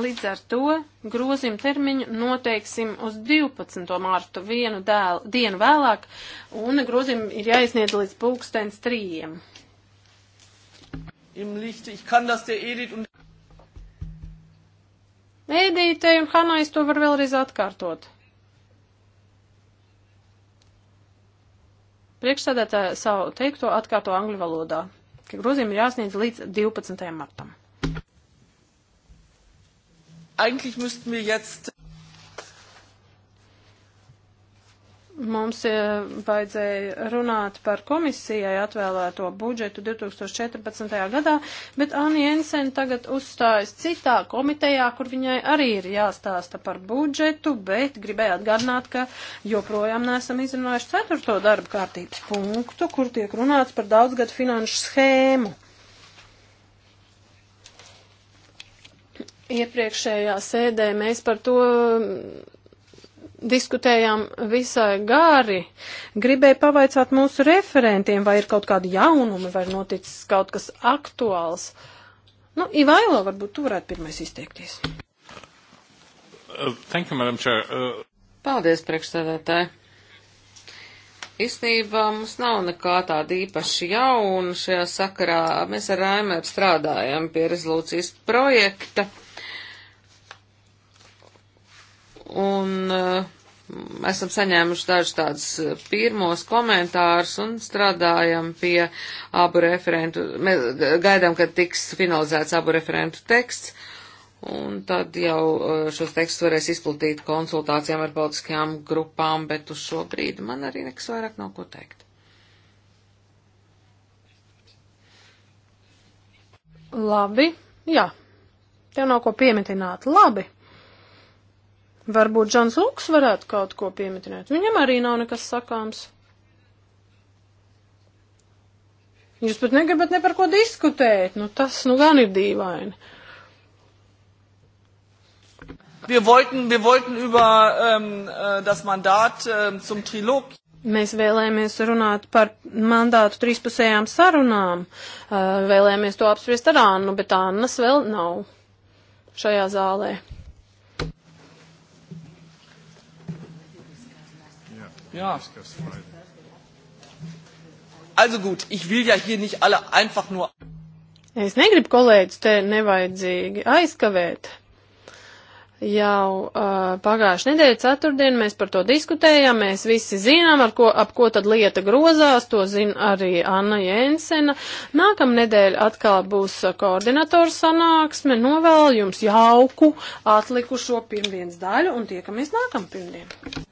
Līdz ar to grozījumu termiņu noteiksim uz 12. mārtu vienu dēl, dienu vēlāk, un grozījumi ir jāiesniedz līdz pulkstens trījiem. Ēdītei un Hanais to var vēlreiz atkārtot. Priekšsēdētāja savu teikto atkārto angļu valodā, ka grozījumi ir jāsniedz līdz 12. martam. Eigentlich müssten wir jetzt mums e, vajadzēja runāt par komisijai atvēlēto budžetu 2014. gadā, bet Anni Jensen tagad uzstājas citā komitejā, kur viņai arī ir jāstāsta par budžetu, bet gribēju atgādināt, ka joprojām neesam izrunājuši ceturto darba kārtības punktu, kur tiek runāts par daudzgadu finanšu schēmu. Iepriekšējā sēdē mēs par to diskutējām visai gari. Gribēju pavaicāt mūsu referentiem, vai ir kaut kādi jaunumi, vai ir noticis kaut kas aktuāls. Nu, Ivailo, varbūt tu varētu pirmais izteikties. Uh, thank you, Madam Chair. Uh... Paldies, priekšstādātāji. Īstenībā mums nav nekā tāda īpaši jauna šajā sakarā. Mēs ar Raimeru strādājam pie rezolūcijas projekta Un uh, esam saņēmuši dažus tādus eh, pirmos komentārus un strādājam pie abu referentu, mēs gaidām, kad tiks finalizēts abu referentu teksts, un tad jau eh, šos tekstus varēs izplatīt konsultācijām ar politiskajām grupām, bet uz šo brīdi man arī nekas vairāk nav ko teikt. Labi, jā, tev nav ko piemetināt, labi. Varbūt Džons Lūks varētu kaut ko piemetināt. Viņam arī nav nekas sakāms. Jūs pat negribat ne par ko diskutēt. Nu, tas nu gan ir dīvaini. Wir wollten, wir wollten über ähm, äh, das Mandat ähm, zum Trilog. Mēs vēlējāmies runāt par mandātu trīspusējām sarunām, äh, vēlējāmies to apspriest ar Annu, bet Annas vēl nav šajā zālē. Ja. Also gut, ich will ja hier nicht alle einfach nur. Es negribu kolēģis te nevajadzīgi aizkavēt. Jau uh, pagājušajā nedēļā, ceturtdien, mēs par to diskutējām. Mēs visi zinām, ko, ap ko tad lieta grozās. To zina arī Anna Jensena. Nākamā nedēļa atkal būs koordinatora sanāksme. Novēlu jums jauku atlikušo pirmdienas daļu un tiekamies nākamā pirmdiena.